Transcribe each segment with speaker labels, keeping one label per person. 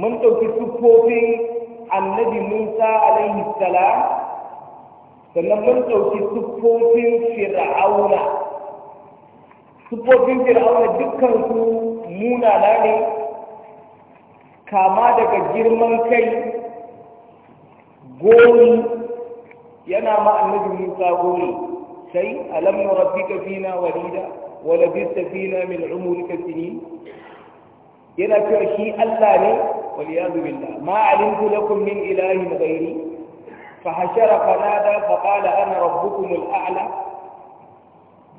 Speaker 1: mun ɗauki siffofin annabi musa alaihi salam sannan mun ɗauki siffofin fir'auna siffofin fir'auna dukkan su muna ne kama daga girman kai goni yana ma annabi musa goni sai alam nurabbika fina walida wa labista fina min umurika sinin yana cewa shi Allah ne والعياذ بالله ما علمت لكم من إله غيري فحشر فنادى فقال أنا ربكم الأعلى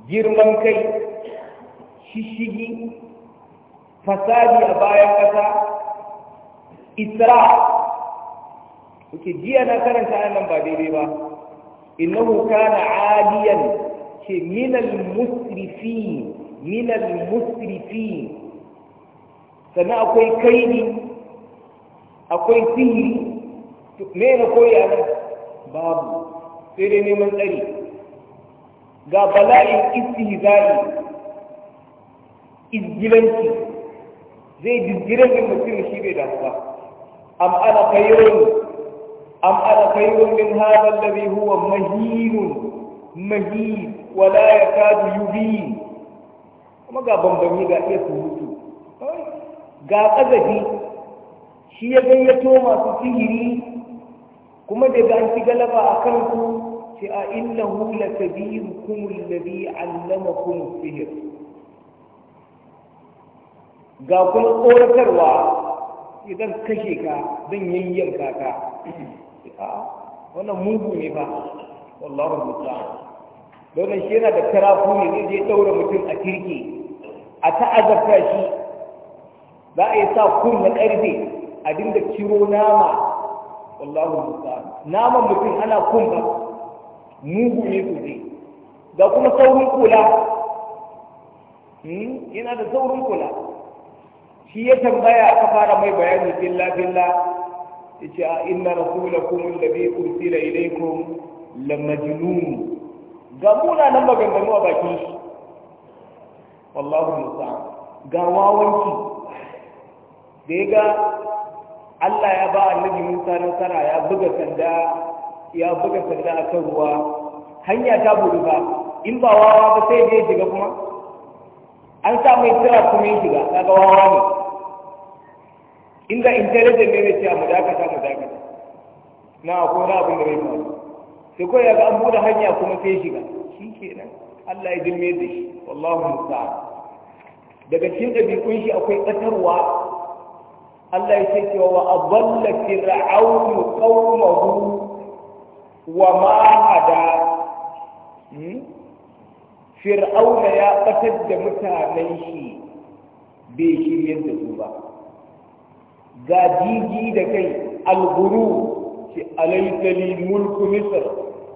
Speaker 1: جرمان كي ششجي فسادي أبايا كسا إسراء kuke jiya na karanta a nan ba daidai ba innahu kana aliyan Ke minal musrifi minal musrifi sannan akwai kaini akwai sihiri me na koya nan babu sai dai neman tsari ga bala'in istihza'i izgilanci zai jizgiran da mutum shi bai ba. am ana kayyawun am ana kayyawun min hadal ladhi huwa mahinun mahir wa la yakadu yubin kuma ga bambami ga iya mutu. ga kazafi shi ya gayyato masu sihiri kuma daga an ci galaba a kanku ce a innahu da kabirukum allama kuma sihir ga kuma tsoratarwa idan kashe ka zan yayyar ka a wannan mugu ne ba wallahu musta'an dole shi yana da karafu ne zai je daura mutum a kirki a ta'azarta shi za a yi sa kun na karfe a dinga kiro nama wallahu musta'an naman mutum ana kunba mugu ne sosai ga kuma saurin kula hmm? yana da saurin kula shi ya tambaya aka fara mai bayani billa billa yace a inna rasulakum alladhi ursila ilaykum la majnun ga muna nan maganganu a bakin shi wallahu musta'an ga wawanci da ya ga Allah ya ba annabi Musa nasara ya buga sanda ya buga sanda a kan ruwa hanya ta buɗe ba in ba wawa ba sai ya shiga kuma an sa mai tsira kuma ya shiga kaga wawa ne inda intelligent ne ne ce mu dakata mu dakata na akwai na abin da bai faru sai kawai ya ga an buɗe hanya kuma sai ya shiga shi kenan Allah ya dimme da shi wallahu musta'an daga cikin ɗabi'un shi akwai ƙatarwa Allah ya ce cewa wa adalla fir'aunu qaumahu wa ma hada hmm? fir'auna ya batar da mutanen shi bai shi da su ba ga jiji da kai al-ghurur ce li mulku misr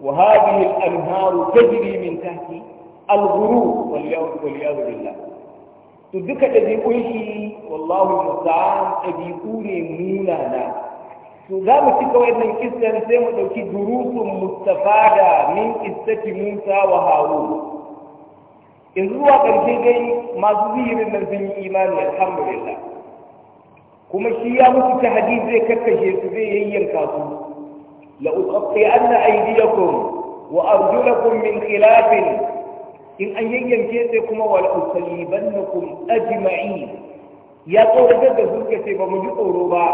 Speaker 1: wa hadhihi al-anharu tajri min tahti al wal yawm wal yawm billah to duka da zai wallahu musta'an ɗabi'u ne munana to za mu ci kawai nan kisan sai mu ɗauki durusun mustafada min kissati musa wa haru in zuwa ƙarshe dai masu zihirin nan sun yi imani alhamdulillah kuma shi ya mutu ta hadisi zai kakkashe su zai yayyanka su la uqatti'anna aydiyakum wa arjulakum min khilafin in an yayyanke sai kuma wal usallibannakum ajma'in ya tsoratar da su ce ba mu ji tsoro ba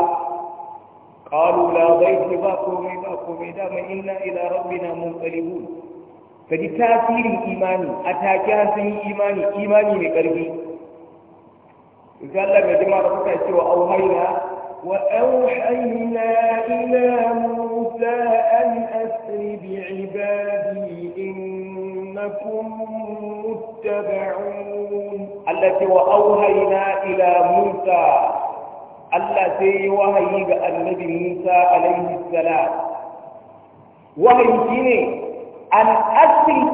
Speaker 1: qalu la dhayfi ba komai ba komai da mai inna ila rabbina munqalibun kaji tasirin imani a take har sun yi imani imani mai karfi insha Allah ga jama'a da kuka cewa auhayna wa auhayna ila musa an asri bi ibadi in إنكم متبعون التي وأوهينا إلى موسى التي وهي النبي موسى عليه السلام وهي شيني أن أسل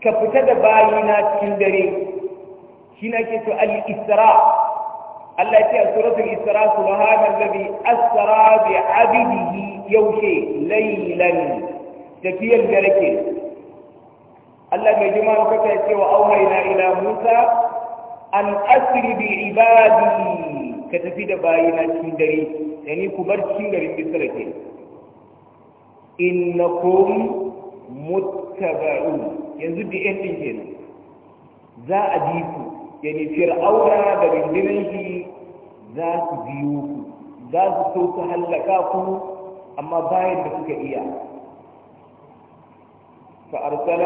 Speaker 1: كفتة باينا تندري شينا كتو الإسراء التي سورة الإسراء سبحان الذي أسرى بعبده يوشي ليلا تكيا الجركي Allah mai jima ka ya ce wa auhaina ila Musa an asiri bi ibadi ka tafi da bayina cikin dare yani ku bar cikin garin Misra ke innakum muttaba'un yanzu bi yan din kenan za a ji ku yani fir'auna da rundunar shi za
Speaker 2: su biyo ku
Speaker 1: za su so su hallaka ku amma bayan da kuka iya فأرسل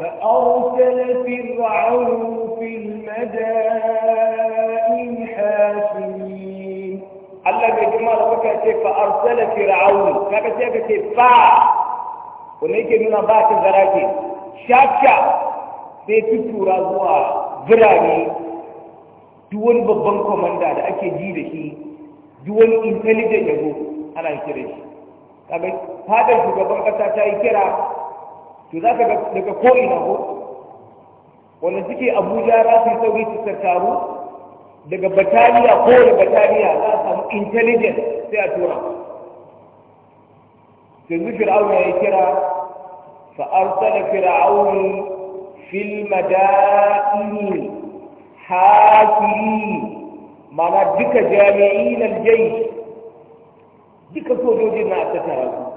Speaker 1: فأرسل فرعون في المدائن حاشمين الله بجمع ربك فأرسل فرعون كيف تيك فا ونيك من أباك الزراكي شاكا سيتورا زوا براني duwan ببن كوماندا da ake ji da shi duwan intelligent yabo ana kira shi kaga fadar shugaban to za ka daga ko'ina ko wanda suke abuja za su yi sauri su tattaru daga bataliya ko da bataliya za a samu intelligence sai a tura
Speaker 2: yanzu fir'auna ya kira
Speaker 1: fa arsala fir'auni fil madaini hakiri mana duka jami'in aljai duka sojojin na tattara su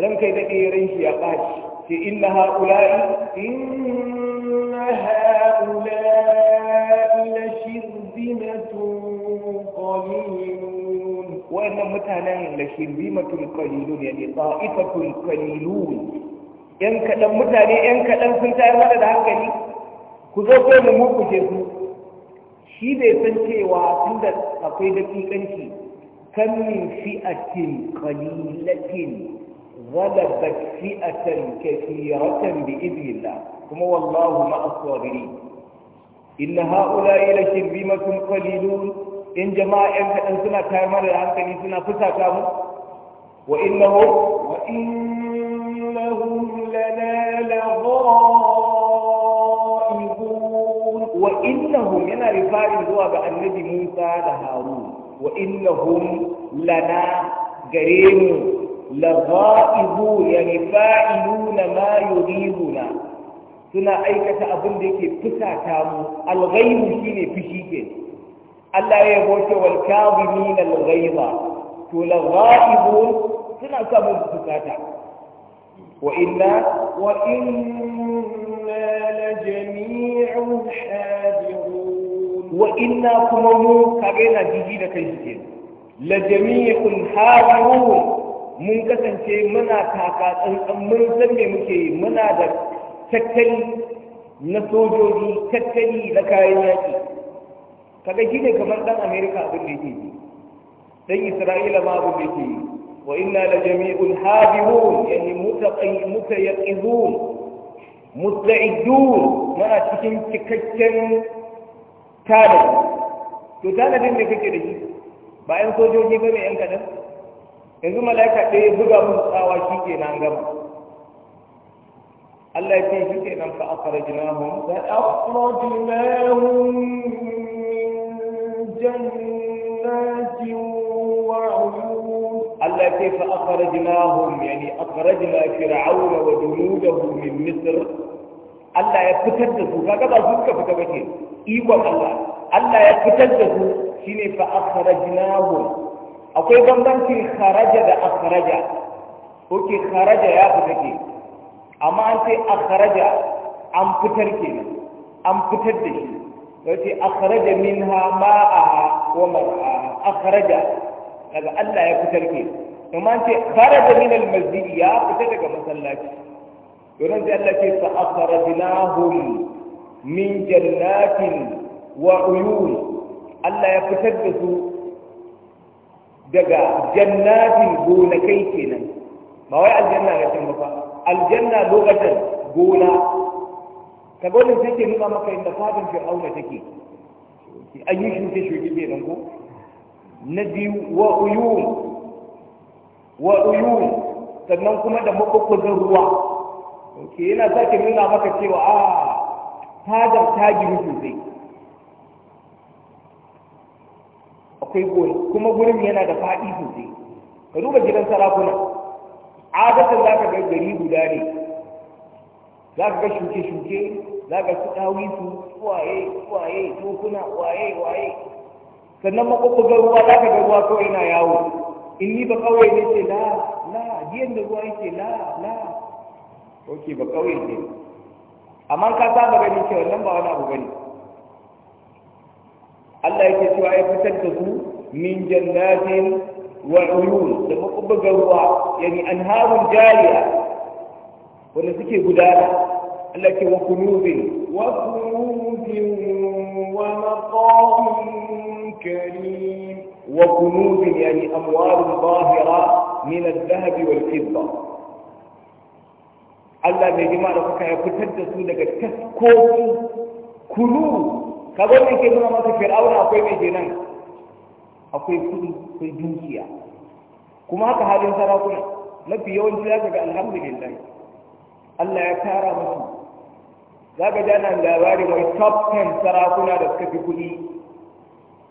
Speaker 1: ranka da ɗeren shi ya ɓaci ke inna ha'ula'i inna ha'ula'i la shirzimatun qalilun Wannan mutanen la shirzimatun qalilun yani ta'ifatun qalilun yan kaɗan mutane yan kaɗan sun tayar mata da hankali ku zo ko mu ke su shi bai san cewa da akwai da dakikanci kan min fi'atin qalilatin غلبت فئة كثيرة بإذن الله ثم والله مع الصابرين إن هؤلاء لشرذمة قليلون إن جماعة أن سنة كامل الآن كان سنة فتا كامل وإنهم وإنهم لنا لغائبون
Speaker 2: وإنهم ينا رفاعي
Speaker 1: هو نبي موسى لهارون وإنهم لنا قريب lagha'ibu yani fa'iluna ma yurihuna suna aikata abin da yake fusata mu alghaibu shine fushi ke Allah ya yabo ce wal kadhimin alghaiba to lagha'ibu suna samun fusata wa inna wa inna la jami'un wa inna kuma mu kage na jiji da kai ke la jami'un hadirun mun kasance muna taka tsantsan mun san me muke yi muna da tattali na sojoji tattali na kayan yaƙi kaga shi ne kamar ɗan amerika abin da yake yi ɗan isra'ila ma abin da yake yi wa inna la jami'ul hadirun yani mutayaqizun musta'idun muna cikin cikakken tada to din da kake da shi ba sojoji ba ne ƴan kaɗan yanzu mala'ika ɗaya buga mun tsawa shi ke nan gama Allah ya ce shi ke nan jina fa akhrajnahum fa akhrajnahum min jannatin wa Allah ya ce fa akhrajnahum yani akhrajna fir'auna wa junudahu min misir. Allah ya fitar da su kaga ba su ka fita ba ke ikon Allah Allah ya fitar da su shine fa akhrajnahum akwai bambancin kharaja da akharaja oke kharaja ya fita ke amma an ce akharaja an fitar ke, an fitar da shi yace akharaja minha ma'aha wa mar'aha akharaja daga Allah ya fitar ke amma an ce kharaja min al-masjid ya fita daga masallaci don sai Allah ce fa akhrajnahum min jannatin wa uyun Allah ya fitar da su daga jannatin gonakai kenan ba wai aljanna ga can ba aljanna lokacin gona ka gwanin sai ke nuna maka inda fadin fir'auna take an yi shuke shuke ke nan ko na biyu wa uyun wa uyun sannan kuma da makwakwasan ruwa ke yana sake nuna maka cewa a ah, fadar ta gini sosai sai gori kuma gurin yana da faɗi sosai ka duba gidan sarakuna adatan za ka ga gari guda ne za ka ga shuke-shuke za ka su ɗawi su waye waye tokuna waye waye
Speaker 2: sannan makwakwagar ruwa za ka ga ruwa kawai na yawo
Speaker 1: in ni ba kawai ne ce la la biyan da ruwa yake la la ok ba kawai ne amma ka saba ganin cewa nan ba wani abu ne. Allah yake cewa ya fitar da su min jannatin wa uyun da makubbaga ruwa yani anharun jariya wanda suke gudana Allah yake wa kunuzin wa kunuzin wa maqamin karim wa kunuzin yani amwalun zahira min al-dhahab wal fidda Allah mai jima da kuka ya fitar da su daga taskoki
Speaker 2: kunu ka ga ke nuna masa fir'auna akwai
Speaker 1: mai nan akwai kudi akwai dukiya kuma haka halin sarakuna mafi yawanci za ka ga alhamdulillah Allah ya tara musu za ka jana labari mai top 10 sarakuna da suka fi kudi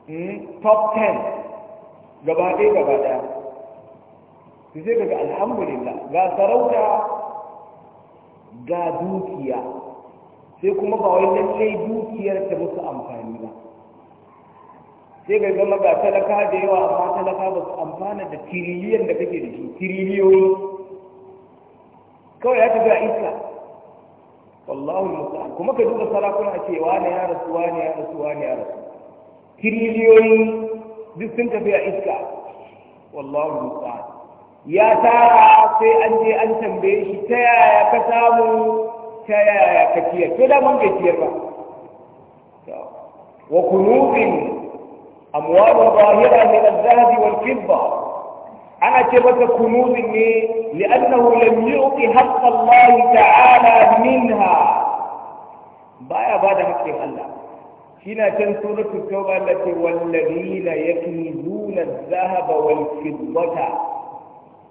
Speaker 1: hmm, top
Speaker 2: 10
Speaker 1: gaba ɗaya gaba ɗaya sai ka ga alhamdulillah ga sarauta ga dukiya sai kuma ba wai lallai dukiyar ta musu amfani ba sai ga zama ga talaka da yawa amma talaka ba su amfana da tiriliyan da kake da shi tiriliyoyi kawai ya tafi a iska wallahu musta'an kuma ka duba sarakuna a cewa ne ya rasu wa wani ya rasu wani ya rasu tiriliyoyi duk sun tafi a iska wallahu musta'an ya tara sai an je an tambaye shi ta yaya ka samu ta yaya ka ciyar Ko da man bai ciyar ba wa kunuzin amwalun zahira min az-zahab wal fidda ana ce mata kunuzin ne li'annahu lam yu'ti haqq Allah ta'ala minha baya bada haƙƙin Allah shine can suratul tauba allati wal ladina yaknizuna az-zahaba wal fiddata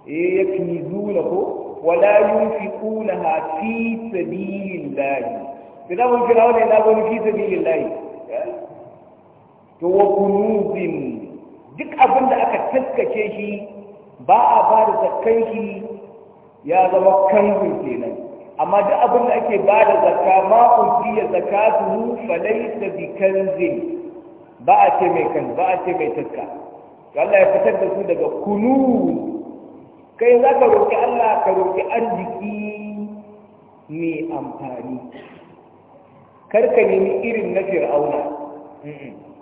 Speaker 1: eh yaknizuna ko wala yunfiqunaha fi sabilillahi idan mun kira wannan da gani fi sabilillahi eh? to wa kunuzin duk abinda aka taskace shi ba a ba da zakkan shi ya zama kanzun kenan amma duk abinda ake ba da zakka ma ubiya zakatu falaysa bi kanzin ba a ce mai kan ba a ce mai taska Allah ya fitar da su daga
Speaker 2: kunuz
Speaker 1: kai za ka roƙi Allah ka roƙi arziki mai amfani karka nemi irin na fir'auna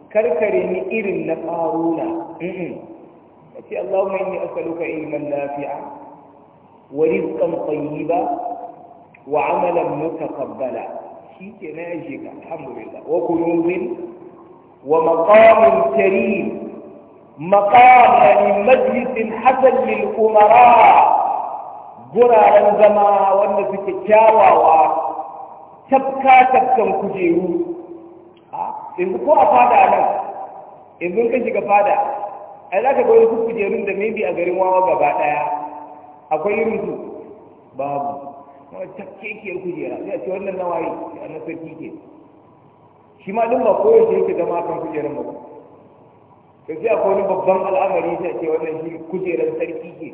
Speaker 1: karka nemi irin na Faruna. A ce Allah mai ne asaluka ilman lafiya wa rizqan tayyiba wa amalan mutaqabbala shi ke na yaje ka alhamdulillah wa kunuzin wa maqamin karim مقام لمجلس حسن للأمراء guraren zama wanda suke kyawawa tafka tafkan kujeru yanzu ko a fada nan yanzu ka shiga fada ai za ka ga wani kujerun da maybe a garin wawa gaba daya akwai irin babu wani tafkekiyar kujera zai ce wannan nawayi a na ke shi ma ba koyaushe yake zama kan kujerar mutum da ji akwai wani babban al'amari ta ce wannan shi kujerar sarki ke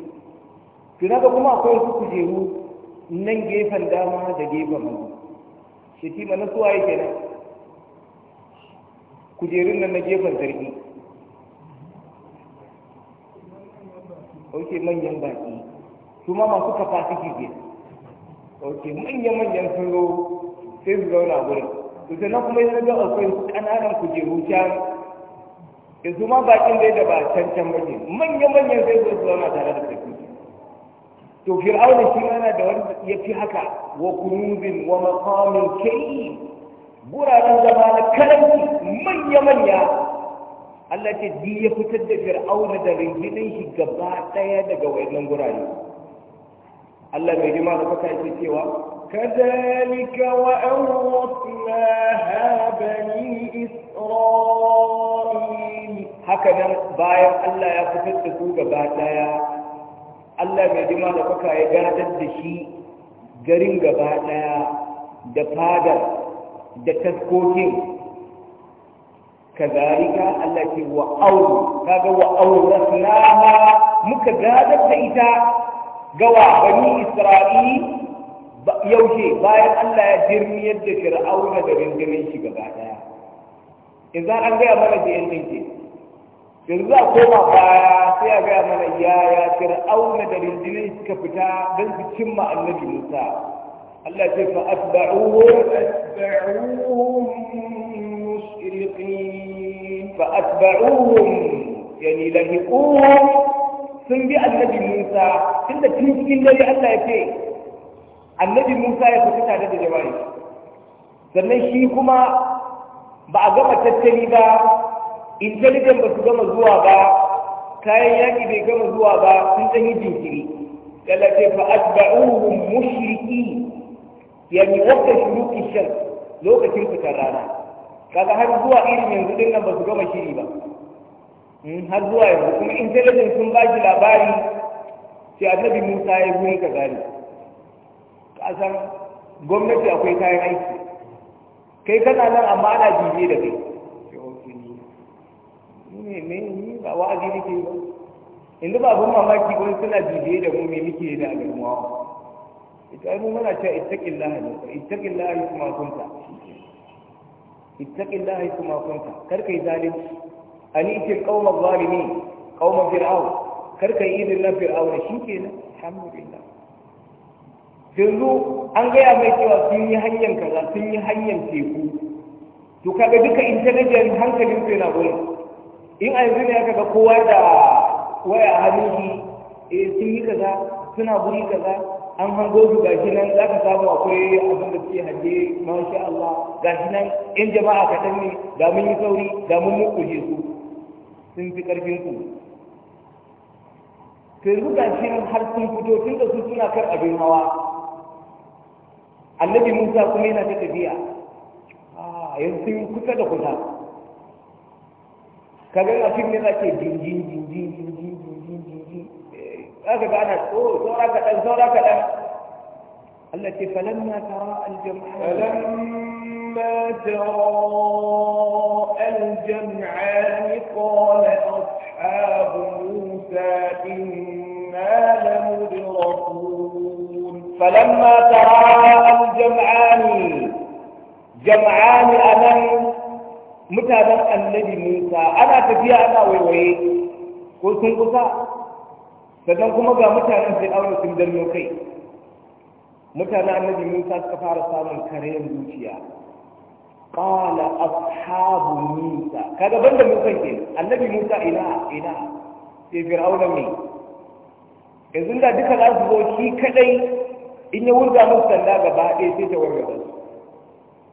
Speaker 1: tuna ga kuma akwai wasu kujeru nan gefen dama da gefen mu shetima na suwaye nan kujerun nan na gefen sarki ok manyan baki su ma masu suke ke ok manya-manyan sun zo sai su zauna gurin to sannan kuma yana ga akwai ƙananan kujeru can da zuma ma bakin dai da ba can bane manya-manyan zai zo zuwa tare da kai to fir'auna shi yana da wani ya fi haka wa kunuzin wa maqamin kai guraren zama na karanci manya-manya Allah ce di ya fitar da fir'auna da rinjinin shi gaba daya daga wayannan gurare Allah bai ma da kuka cewa كذلك وأورثناها بني إسرائيل هكذا بايع الله يفتت تسوق باتايا Allah mai jima da kuka ya gadar da shi garin gaba ɗaya da fadar da taskokin kazalika Allah ce wa auru kaga wa aurasnaha muka gadar da ita gawa bani Isra'il yaushe bayan Allah ya jirni yadda fir'auna da rundunar shi gaba daya idan an gaya mana da yan ɗinke yanzu a koma baya sai a gaya mana ya fir'auna da rundunar suka fita don su cimma annabi musa Allah ya ce fa asba'uhu asba'uhum mushriqin fa asba'uhum yani lahiquhum sun bi annabi musa tunda cikin dare Allah ya ce annabi musa ya fita tare da jama'i sannan shi kuma ba a gama tattali ba intelligen ba su gama zuwa ba kayan yaƙi bai gama zuwa ba sun ɗan yi jinkiri lalace fa asba'uhum mushriki yani wata shuruqi shan lokacin fitar rana kaga har zuwa irin yanzu din nan ba su gama shiri ba hmm, har zuwa yanzu kuma intelligence sun ba shi labari sai annabi Musa ya gurin ka gani kasan gwamnati akwai kayan aiki kai kana nan amma ana jibe da kai ne me ni ba wa'azi nake ba Inda ba mamaki wani suna bibiye da mu me muke da alimuwa ita mu muna cewa ittaqillaha ne ittaqillaha kuma kunta ittaqillaha kuma kunta kar kai A ani ce qauma zalimi qauma fir'aun kar kai idin na fir'aun shikenan alhamdulillah yanzu an gaya mai cewa sun yi hanyar kaza sun yi hanyar teku to kaga duka intanajiyar hankalin sai na gurin in a yanzu ne aka ga kowa da waya a hannun shi eh, sun yi kaza suna guri kaza an hango su shi nan za ka samu akwai abin da suke hajje masha Allah shi nan in jama'a kaɗan ne ga mun yi sauri ga mun mukuje su sun fi ƙarfin ku to yanzu gashi nan har sun fito tun da su suna kan abin hawa annabi musa kuma yana ta tafiya a yanzu yi kusa da kusa kaga a fim ne za ke jinjin jinjin jinjin jinjin jinjin za ka gana tsoro saura kaɗan saura kaɗan Allah ce falamma tara aljama'a falamma tara aljama'a qala ashabu musa inna lamudrakun falamma tara
Speaker 2: jama'ani a nan
Speaker 1: mutanen annabi musa ana tafiya ana waiwaye ko sun kusa sannan kuma ga mutanen aure sun danno kai mutanen annabi musa suka fara samun karayen zuciya qala ashabu musa kaga banda musa ke annabi musa ina ina sai fir'auna me yanzu da duka za su zo shi kadai in ya wurga musu sanda gaba ɗaya sai ta warga su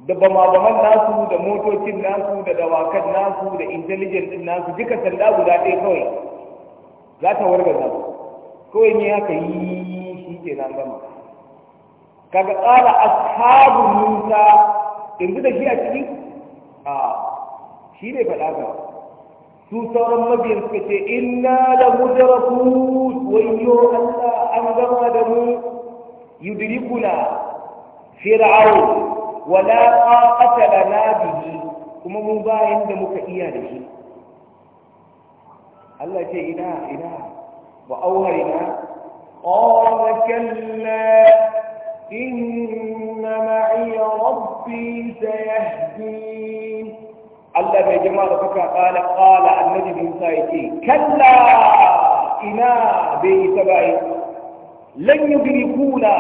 Speaker 1: da bama-baman nasu da motocin nasu da dawakan nasu da intelligent din nasu duka sanda guda ɗaya kawai za ta wargaza su kawai ne haka yi shi ke nan gama kaga tsara ashabu musa yanzu da shi a ciki a shi ne faɗa ka su sauran mabiyan suka ce inna da wai yo Allah an gama da mu yudrikuna fir'aun wala qaqata lana bihi kuma mu ba yanda muka iya da shi Allah ce ina ina wa auhayna qala kalla inna ma'i rabbi sayahdin Allah mai jama'a da kuka kala kala annabi Musa yake kalla ina bai tabai lan yudrikuna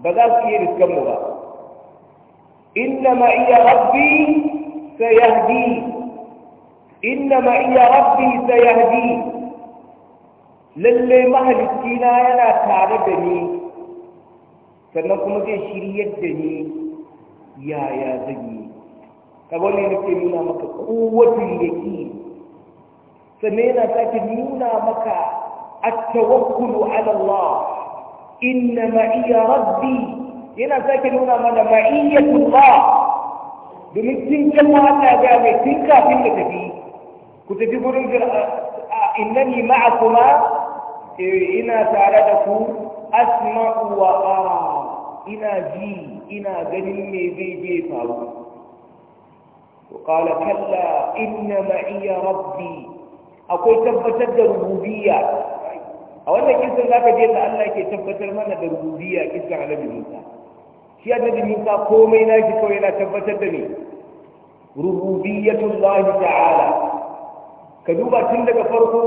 Speaker 1: ba za su iya riskan mu ba إن معي ربي سيهدي إن معي ربي سيهدي للي مهل السيناء لا تعرفني فنقوم بشري يدني يا يا زني فقولي لك يمنا مكة قوة اليكين سمينا ذاك يمنا مكة التوكل على الله إن معي ربي yana sake nuna mana ma'iyatullah domin tun can Allah ya gaya mai tun kafin da tafi ku tafi gurin innani ma'akuma eh, ina tare da ku asma'u wa ara ina ji ina ganin me zai je faru وقال كلا إن معي ربي أقول تبتت الربوبية أولا كيسا لا تجيل الله كي تبتر منا الربوبية كيسا على موسى shi annabi Musa komai nashi kawai yana tabbatar da ne rububiyyatullahi ta'ala ka duba tun daga farko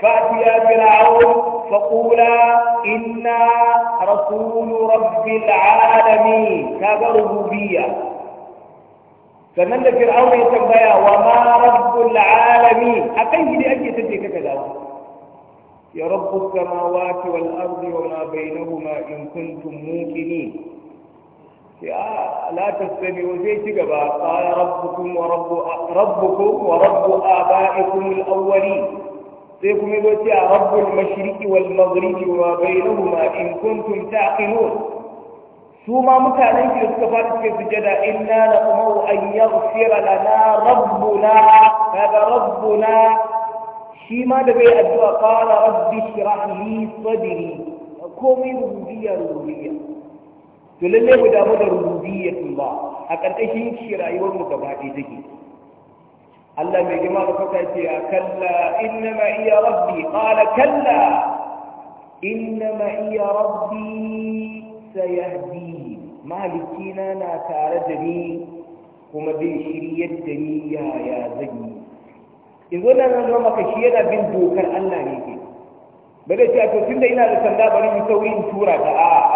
Speaker 1: fatiya fir'aun faqula inna rasul rabbil alamin kaga rububiyya sannan da fir'aun ya tambaya wa ma rabbul alamin akan shi ne ake tace kaka dawo يا رب السماوات والأرض وما بينهما إن كنتم موقنين لا تستمعوا زي كبا قال ربكم ورب ربكم ورب آبائكم الأولين سيكم يقول رب المشرق والمغرب وما بينهما إن كنتم تعقلون ثم متعلم في الصفات في السجدة إنا
Speaker 2: نطمع
Speaker 1: أن يغفر لنا ربنا هذا ربنا شيما دبي أدوى قال رب اشرح لي صدري قومي ربوبية ربوبية to lallai mu damu da rububiyyatin ba a ƙarƙashin shi rayuwar mu gaba ɗaya take Allah mai girma da kuka ce a kalla inna ma iya rabbi qala kalla inna ma iya rabbi sayahdi malikina na tare da ni kuma zai shiryar da ni yaya zan yi in zo nan zo maka shi yana bin dokar Allah ne ke ba zai ce a to tunda ina da sanda bari mu sauri in tura ta a'a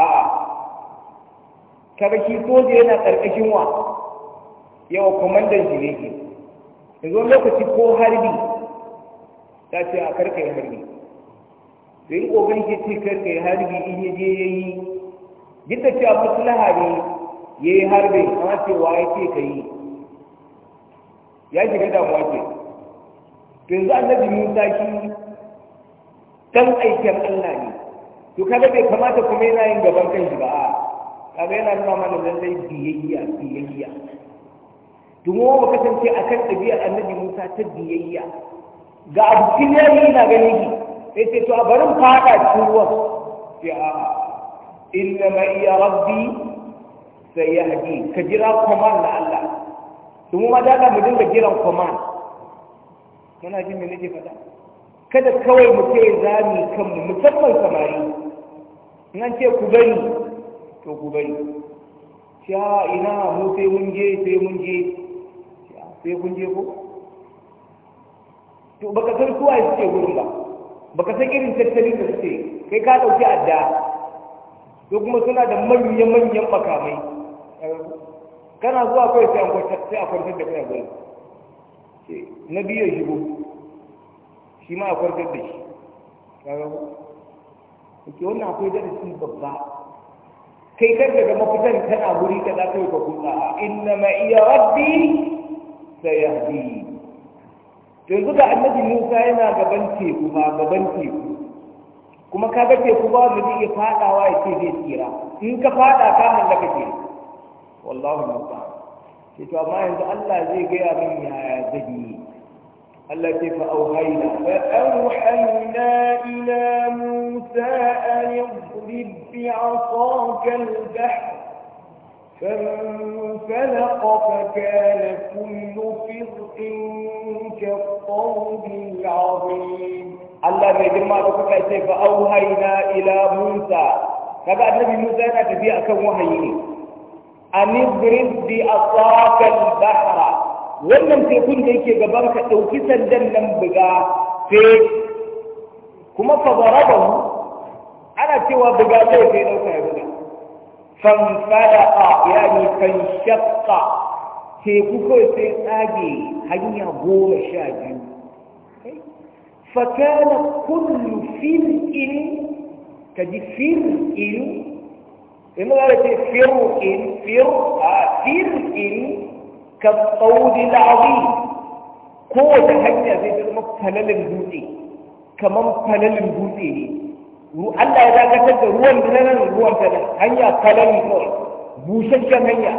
Speaker 1: kaga shi soja yana ƙarƙashin wa yawa kwamandan shi ne ke yanzu lokaci ko harbi ta ce a karka yi harbi da yi ƙoƙari ke ce karka yi harbi in ya je ya yi gita cewa maslaha ne ya yi harbi amma wa ya ce ka yi ya shiga damuwa ke yanzu annabi musa shi dan aikin allah ne to kaga bai kamata kuma yana yin gaban shi ba a kaga yana nuna mana lallai biyayya biyayya domin mu kasance a kan ɗabi'ar annabi musa ta biyayya ga abu kiliyayi na gani ki sai ce to a barin fada cikin ruwan sai a inna ma iya rabbi sai ya haji ka jira command na Allah domin ma daga mu dinga jiran command muna jin me nake faɗa kada kawai mu ce za mu kanmu musamman samari in an ce ku bari to ku bari ina mu sai mun je sai mun je sai kun je ko to baka san ko ai suke gurin ba baka san irin tattalin da suke kai ka dauki adda to kuma suna da manyan manyan makamai kana zuwa kai sai an kwantar sai a kwantar da kai ba ke na ya shigo shi ma a kwantar da shi kaga ko wannan akwai darasi babba kai kar daga mafitan tana wuri ka za ka yi ka kusa inna ma iya rabbi sayahdi yanzu ga annabi Musa yana gaban teku ba gaban teku kuma ka ga teku ba wanda zai iya fadawa ya ce zai tsira in ka fada ka hallaka ke wallahi musa ce to amma yanzu Allah zai gaya min yaya zan yi التي فأوحينا فأوحينا إلى موسى أن اضرب بعصاك البحر فانفلق فكان كل فرق كالطود العظيم الله يجمع بكتا كيف أوحينا إلى موسى kaga annabi موسى yana tafiya akan wahayi أن an بعصاك البحر wannan tekun da yake gaban ka ɗauki sandan nan buga fe kuma mu. ana cewa buga zai kai ɗauka ya buga fanfada'a kan shakka. teku kawai sai tsage hanya goma sha biyu fakana kullu fir'in kaji fir'in in ma ce fir'in fir'in كالطود العظيم قوة حجة زي كما فلل البوتي كما فلل البوتي Allah ya dakatar da ruwan da nan ruwan da nan hanya kalami kawai busasshen hanya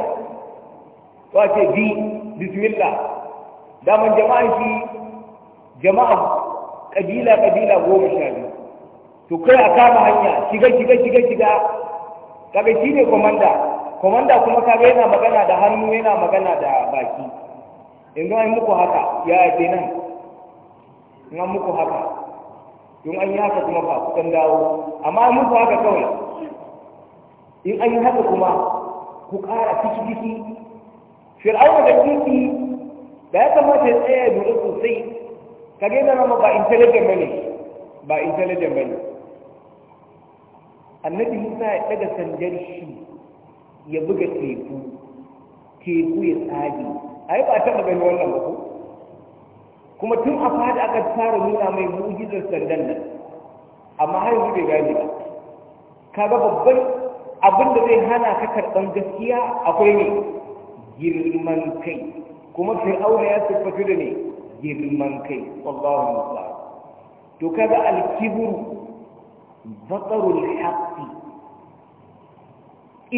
Speaker 1: to ce bi bismillah daman jama'a shi jama'a kabila kabila goma sha biyu to kai a kama hanya shiga shiga shiga shiga kaga shi ne komanda komanda kuma kaga yana magana da hannu yana magana da baki in an muku haka ya ake nan in an muku haka in an yi haka kuma ba ku kan dawo amma an muku haka kawai in an yi haka kuma ku ƙara
Speaker 2: ciki-ciki
Speaker 1: fir'auna da kiki da ya kamata ya tsaya da sosai kage na nama ba intelligent bane ba intelligent bane annabi Musa ya daga sanjar shi ya buga teku teku ya tsage yi ba taɓa gani wannan ba kuma tun a fada aka fara nuna mai mu'jizar sandan nan amma har yanzu bai gane ba kaga babban abin da zai hana ka karɓar gaskiya akwai ne girman kai kuma fir'auna ya siffatu da ne girman kai wallahu musa to kaga alkibru batarul haqq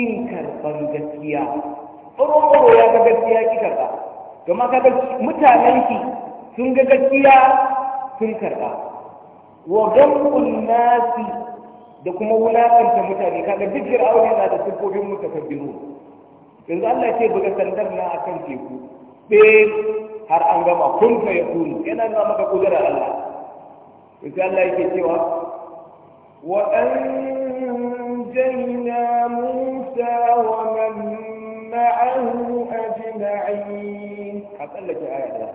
Speaker 1: kin karɓar gaskiya tsoro ya ga gaskiya ki karɓa gama ga mutanen ki sun ga gaskiya sun karɓa wa gamul nasi da kuma wulakanta mutane kaga dukkan aure yana da siffofin mutakabbiru yanzu Allah ce buga sandar na akan teku sai har an gama kun ka ya kuni yana nuna maka kudurar Allah yanzu Allah yake cewa wa an jayna mu ومن معه أجمعين حتى لك آية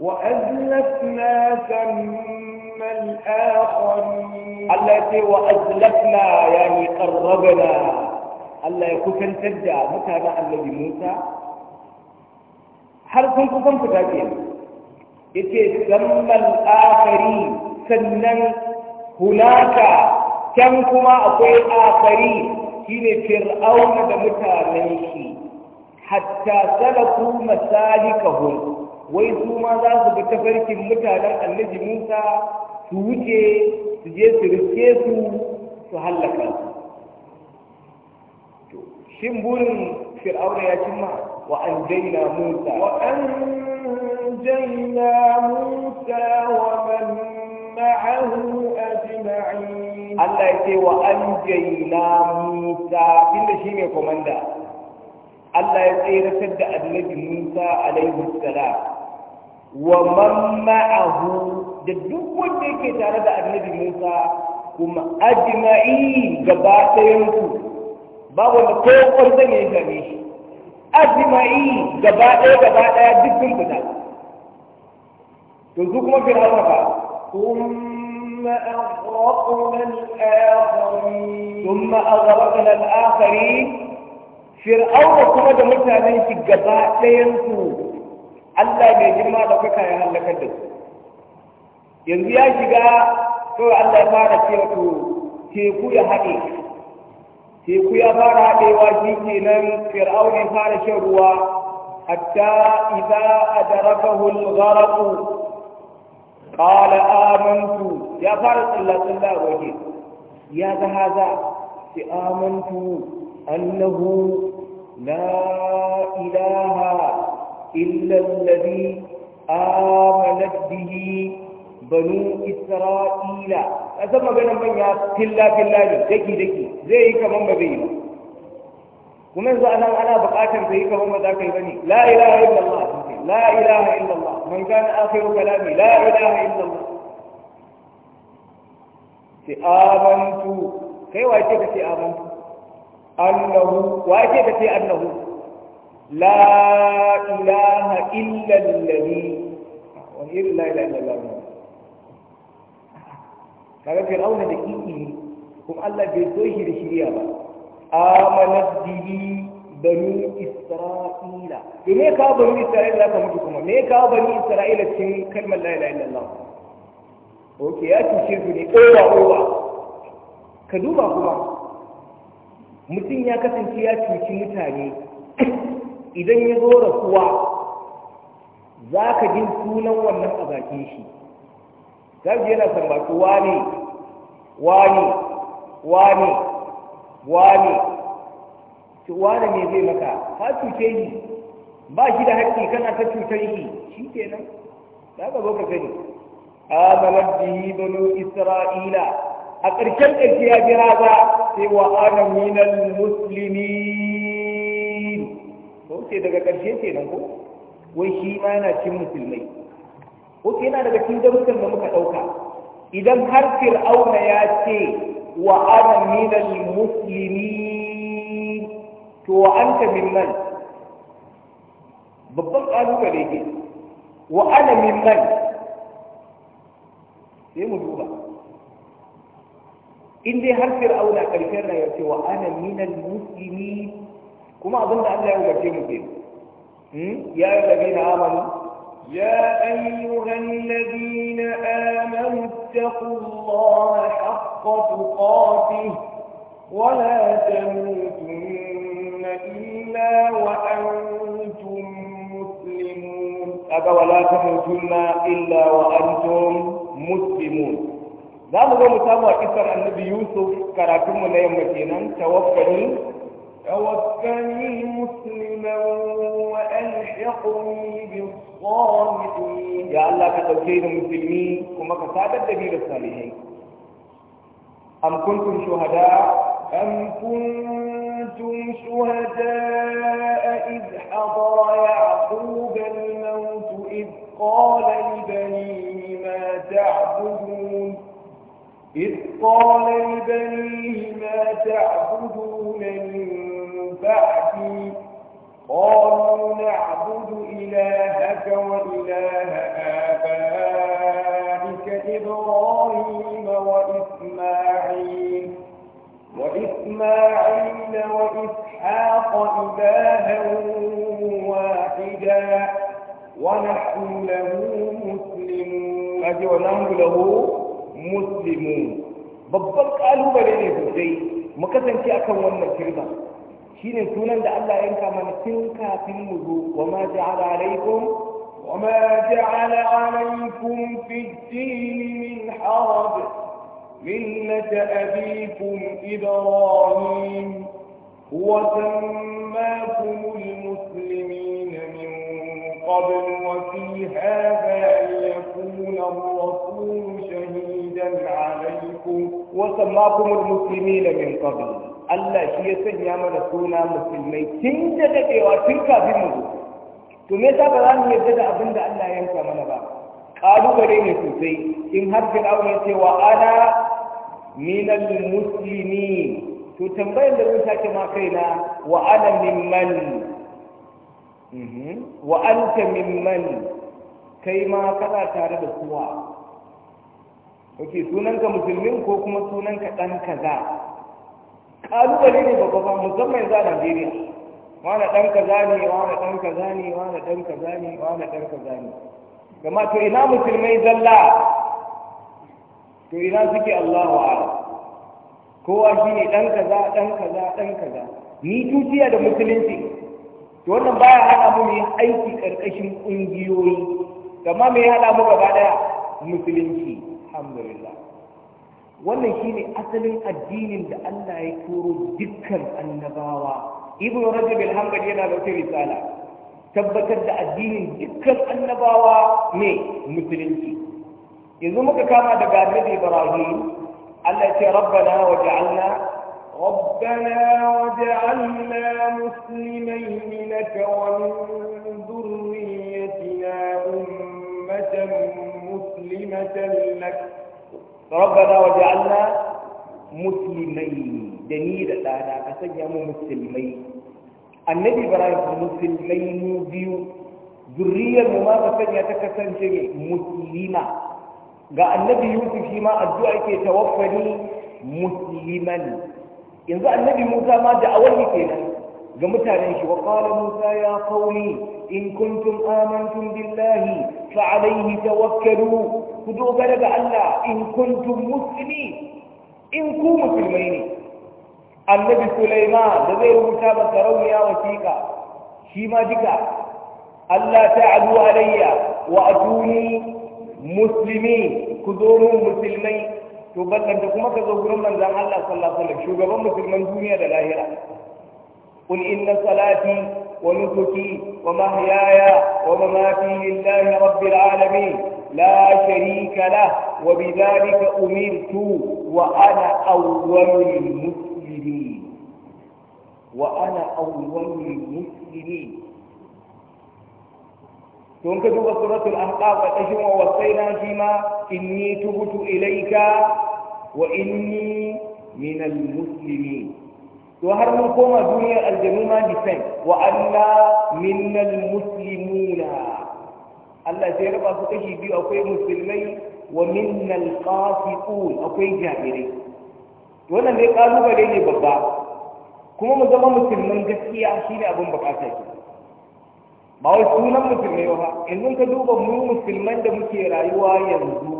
Speaker 1: وأزلفنا ثم الآخرين التي وأزلفنا يعني قربنا الله يكون تجا متى باع الذي موسى هل كنتم كتابين يتي ثم الآخرين سنن هناك can kuma akwai akari shine fir'auna da mutanen shi hatta salaku masalikahum wai su ma za su bi tafarkin mutanen annabi Musa su wuce su je su riske su su hallaka su shin burin fir'auna ya cimma wa an jaina Musa wa an jaina Musa wa man معه أجمعين الله يتي وأنجينا موسى إن شيء كوماندا الله يتي رسد النبي موسى عليه السلام ومن معه da duk wanda yake tare da annabi Musa kuma ajma'i gaba ku ne ya shi ajma'i gaba ɗaya gaba ɗaya duk sun fita to su kuma fir'auna ثم أغرقنا الآخرين ثم أغرقنا الآخرين فرعون كما da mutanen shi gaba
Speaker 2: ɗayan su Allah mai girma da kuka ya
Speaker 1: halakar da su yanzu ya shiga kawai Allah ya fara cewa to teku ya haɗe teku ya fara haɗewa shi ke nan, fir'aun ya fara shan ruwa hatta idza adrakahu al-gharq qala amintu ya fara tsalla tsalla a waje ya ga haza sai amantu annahu la ilaha illa alladhi amanat bihi banu isra'ila kasan maganan manya filla filla ne daki daki zai yi kamar ba zai yi kuma yanzu anan ana bukatar ka yi kamar ba za ka yi ba ne. la ilaha illallah لا إله إلا الله من كان آخر كلامي لا إله إلا الله آمنت كي واجهك في آمنت أنه واجهك في أنه لا إله إلا الذي وغير لا إله إلا الله kaga fir'auna da kiki kuma Allah bai so shi da shirya ba amanat bihi bani isra'ila to me kawo bani isra'ila za ka mutu kuma me kawo bani isra'ila cikin kalmar la ilaha illallah ok ya cuce su ne owa owa ka duba kuma mutum ya kasance ya cuci mutane idan ya zo rasuwa za ka jin sunan wannan a bakin shi zaji yana sambatu wani wani wani wani to wani ne zai maka ka cuce ni ba shi da haƙƙi kana ta cutar shi shi kenan za ka zo ka gani amalar bihi banu isra'ila a ƙarshen ƙarshe ya ji haza sai wa ana musulmi ko ce daga ƙarshe kenan ko wai shi ma yana cin musulmai ko yana daga cikin darussan da muka ɗauka idan har fir'auna ya ce wa ana musulmi to wa anta mimman babban kalubale ke wa ana mimman sai mu duba in dai har fir'auna karshen rayuwa ce wa ana minal muslimi kuma abin da Allah ya umarce mu ke ya yi ladina amanu ya ayyuhan ladina amanu taqullaha haqqa tuqatih wa la tamutunna إلا وأنتم مسلمون أبا ولا تموتن إلا وأنتم مسلمون za mu zo mu samu a kisar annabi yusuf karatunmu na yamma kenan tawaffani tawaffani musliman wa alhiqni bis salihin ya Allah ka dauke ni musulmi kuma ka sadar da ni da salihai am kuntum shuhada أم كنتم شهداء إذ حضر يعقوب الموت إذ قال لبنيه ما تعبدون إذ قال لبنيه ما تعبدون من بعدي قالوا نعبد إلهك وإله آبائك إبراهيم وإسماعيل وإسماعيل وإسحاق إلها واحدا ونحن له مسلمون أجي ونحن له مسلمون babban kalubale ne sosai mu kasance akan wannan kirma shine sunan da Allah ya yanka mana tun kafin mu zo wa ma ja'ala alaikum wa ma ja'ala alaikum fi min haraj ملة أبيكم إبراهيم هو سماكم المسلمين من قبل وفي هذا ليكون الرسول شهيدا عليكم وسماكم المسلمين من قبل الله شيء سيما لكونا مسلمين تنجد كي وتنكا في مدو تميسا بلان يجد عبند الله ينكا من kalubale ne sosai in har fir'auna cewa ana minal muslimi to tambayar da zan sake ma kaina wa ana mimman mhm. wa anta mimman kai ma kana tare da kowa ok sunanka musulmin ko kuma sunanka ɗan kaza kalubale ne ba ba musamman yanzu a najeriya wani dan kaza ne wani dan kaza ne wani dan kaza ne wani dan kaza ne kama to ina musulmai zalla to ina suke Allahu a'lam kowa ne, dan kaza dan kaza dan kaza ni tutiya da musulunci to wannan baya hana mu ne aiki karkashin kungiyoyi kama me ya hada mu gaba daya musulunci alhamdulillah wannan shine asalin addinin da Allah ya koro dukkan annabawa ibnu rajab al-hanbali yana da risala tabbatar da addinin dukkan annabawa ne musulunci yanzu muka kama daga annabi ibrahim Allah ce rabbana waj'alna rabbana waj'alna muslimayn laka wa min dhurriyyatina ummatan muslimatan lak rabbana waj'alna muslimayn da ni da ɗana ka sanya mu musulmai annabi ibrahim musulmai mu biyu zurriyar mu ma ta sanya ta kasance ne muslima ga annabi yusuf shi ma addu'a yake tawaffani musliman yanzu annabi musa ma da awali kenan ga mutanen shi wa qala musa ya qaumi in kuntum amantum billahi fa alayhi tawakkalu ku dogara ga Allah in kuntum muslimin in ku musulmai ne annabi sulaima da zai rubuta ba sarauniya wasiƙa shi ma duka Allah ta'alu alayya wa atuni muslimi ku zo mu musulmai to ballanta kuma ka zo gurin manzon Allah sallallahu shugaban musulman duniya da lahira qul inna salati wa nusuki wa mahyaya wa mamati lillahi rabbil alamin la sharika lah wa bidhalika umirtu wa ana awwalul muslimin وأنا أول المسلمين don ka duba suratul ahqaf a ƙashin wa wasaina shi ma inni tubutu ilaika wa inni minal muslimin to har mun koma duniyar aljanu ma disan wa minnal muslimuna Allah sai raba su kashi biyu akwai musulmai wa minnal akwai jabirai wannan dai kalubale ne babba kuma mu zama musulmin gaskiya shi ne abin bukatar ki ba wai sunan musulmai ba yanzu ka duba mu musulman da muke rayuwa yanzu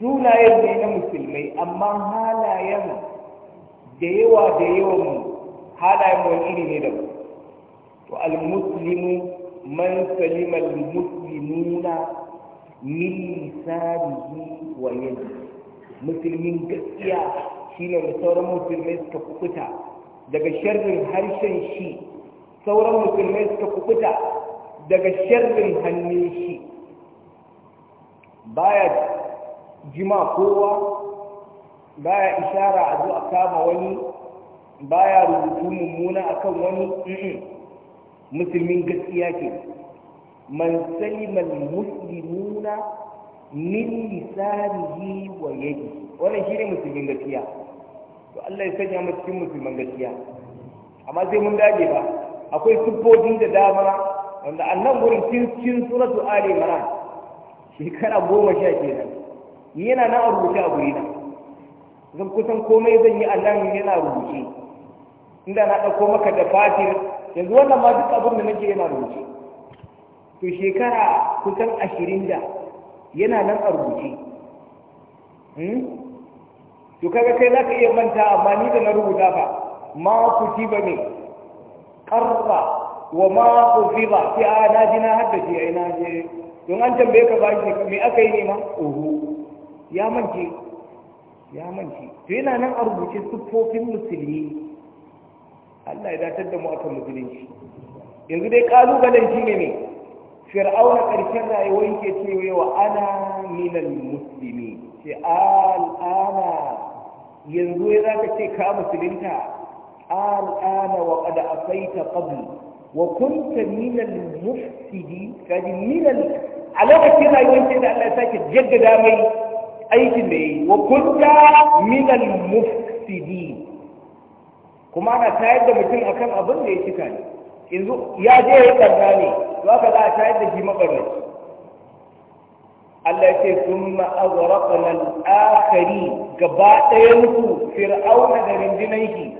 Speaker 1: sunayen ne na musulmai amma halayen da yawa da yawan mu halayen mu wani iri ne da to almuslimu man salima almuslimuna min lisanihi wa yadihi musulmin gaskiya shine da sauran musulmai suka kukuta daga sharrin harshen shi sauran musulmai suka kukuta daga sharrin hannun shi baya jima kowa baya ishara a zuwa kama wani baya rubutu mummuna akan wani musulmin gaskiya ke man salimal muslimuna min lisanihi wa yadihi wannan shine musulmin gaskiya to Allah ya sanya mu cikin musulman gaskiya amma sai mun dage ba akwai siffofin da dama wanda annan gurin cikin su ali imran shekara goma sha kenan yana na rubuce a gurina zan kusan komai zan yi annan yana rubuce inda na ɗauko maka da fatir yanzu wannan ma duk abin da nake yana rubuce to shekara kusan ashirin da yana nan a rubuce hmm? to kaga kai za ka iya manta amma ni da na rubuta ba ma ba ne karra wa ma ba fi a na ji na ji ai na je don an tambaye ka shi me aka yi ne ma oho ya manci ya manci to yana nan a rubuce siffofin musulmi Allah ya datar da mu akan musulunci yanzu dai kalubalen shi ne ne fir'auna ƙarshen rayuwar yake cewa ana minal musulmi ce al'ana yanzu ya zaka ce ka musulunta al'ana wa qad asaita qabli wa kunta minal mufsidi kaji min al a lokacin rayuwar sai da Allah ya sake jaddada mai aikin da yi, wa kunta minal mufsidi kuma ana tayar da mutum akan abin da ya cika ne yanzu ya je ya karna ne to ka za a tayar da shi mabarnaci Allah ya ce summa aghraqna al-akhari gaba ɗaya mutu fir'auna da rindinan shi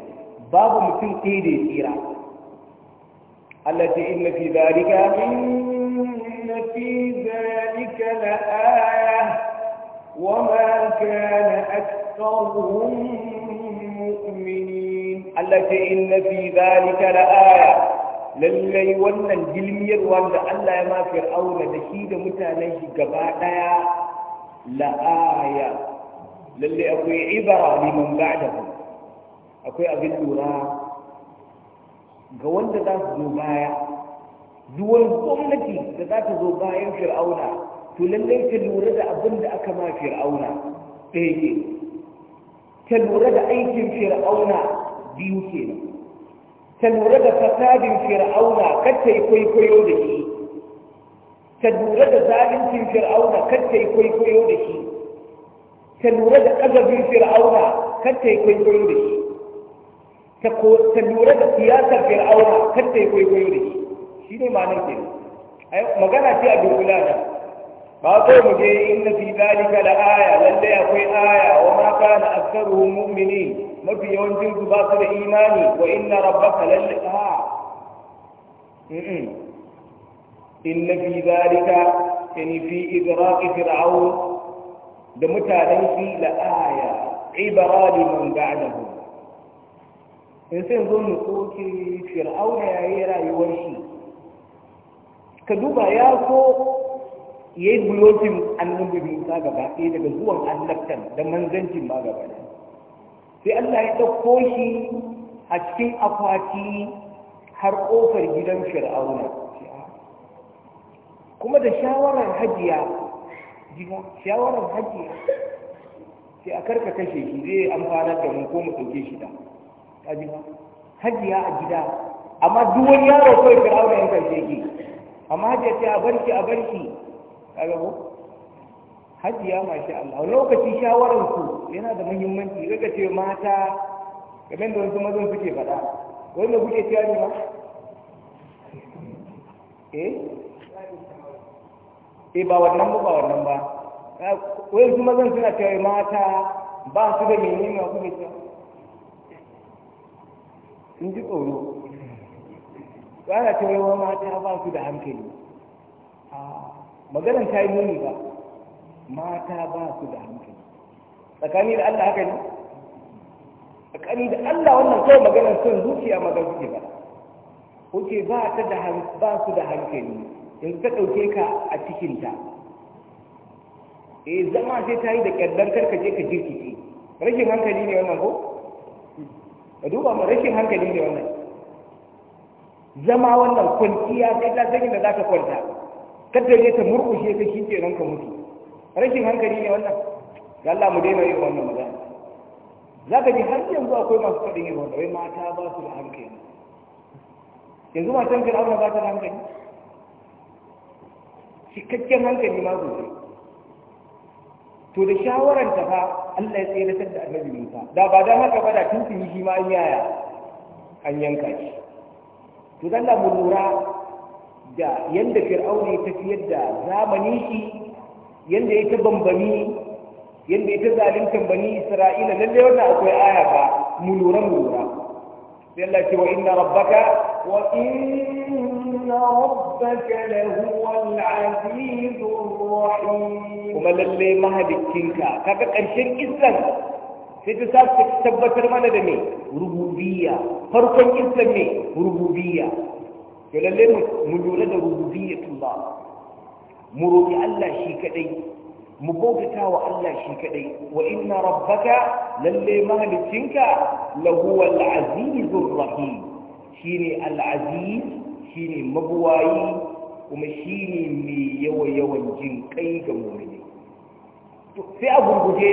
Speaker 1: babu mutum ɗaya da tsira Allah ce inna fi zalika
Speaker 2: inna fi
Speaker 1: zalika la aya wa ma kana aktharuhum mu'minin Allah ce inna fi zalika la aya lallai wannan gilmiyar wanda Allah ya ma fir'auna da shi da mutanen shi gaba ɗaya la'aya lallai akwai ibara liman ku. akwai abin lura ga wanda za su zo baya duk gwamnati da za ta zo bayan fir'auna to lallai ta lura da abin da aka ma fir'auna ɗaya ke ta lura da aikin fir'auna biyu kenan ta lura da fasadin fir'auna kar ta yi kwaikwayo da shi ta lura da zalincin fir'auna kar ta yi kwaikwayo da shi ta lura da ƙazabin fir'auna kar ta yi kwaikwayo da shi ta lura da siyasar fir'auna kar ta yi kwaikwayo da shi shi ne ma'anar ke magana ce a dunkula nan ba zo mu je na fi dalika da aya lalle akwai aya wa ma kana aktharuhum mu'minin mafi yawancin su ba su da imani wa inna rabbaka lalle In na fi dalika in fi idraqi fir'aun da mutanen shi la aya ibara liman ba'dahu in sai zo mu soke fir'auna yayi rayuwar shi ka duba ya so ya yi bulotin annabi Musa gaba ɗaya daga zuwan annabtan da manzancin ma gaba ɗaya sai Allah ya ɗauko shi a cikin akwati har ƙofar gidan fir'auna kuma da shawarar hajiya jiga shawarar hajiya sai a karka kashe shi zai amfana da mu ko mu ɗauke shi da hajiya a gida amma duk wani yaro kawai fir'auna ya kashe shi amma hajiya ce a barki a barki kaga hajiya mashi Allah lokaci shawaran yana da muhimmanci daga ce mata game da wasu mazan suke faɗa wanda kuke cewa ne ma eh eh ba wannan ba ba wannan ba su mazan suna cewa mata ba su da menene ma kuke cewa sun ji tsoro ba na cewa mata ba su da hankali ah. Maganar ta yi muni ba mata ba su da hankali tsakani da Allah haka ne tsakani da Allah wannan kawai maganar son zuciya maza suke ba kuke ba ta da ba su da hankali in ta ɗauke ka a cikinta eh zama sai ta yi da kyallar karkace ka jirkice rashin hankali ne wannan ko ka duba ma rashin hankali ne wannan zama wannan kwanciya sai ta sakin da za ka kwanta ne ta murkushe ta shi ke ka mutu rashin hankali ne wannan da Allah mu daina yin wannan magana za ka ji har yanzu akwai masu faɗin yin wanda wai mata ba su da hankali yanzu matan fir'auna ba ta da hankali cikakken hankali ma sosai to da shawaran ta fa Allah ya tseratar da annabi Musa da ba dan haka ba da tuntuni shi ma an yaya an yanka shi to dan da mu lura da yadda fir'auna ya tafiyar da zamani shi yadda ya ta bambami yadda ya ta zalimtan bani isra'ila lalle wannan akwai aya ba mu lura mu lura sai Allah ce wa inna rabbaka wa inna rabbaka lahuwal azizur rahim kuma lalle mahadikinka kaga karshen kissan sai ta sa tabbatar mana da me rububiyya farkon kissan me rububiyya to lalle mu lura da rububiyatullah mu roƙi Allah shi kaɗai. mu bautata wa Allah shi kaɗai. wa inna rabbaka lalle mahalicinka lahuwal azizur rahim shine al aziz shine mabuwayi kuma shine mai yawa yawan jin kai ga mu'mini to sai a gurguje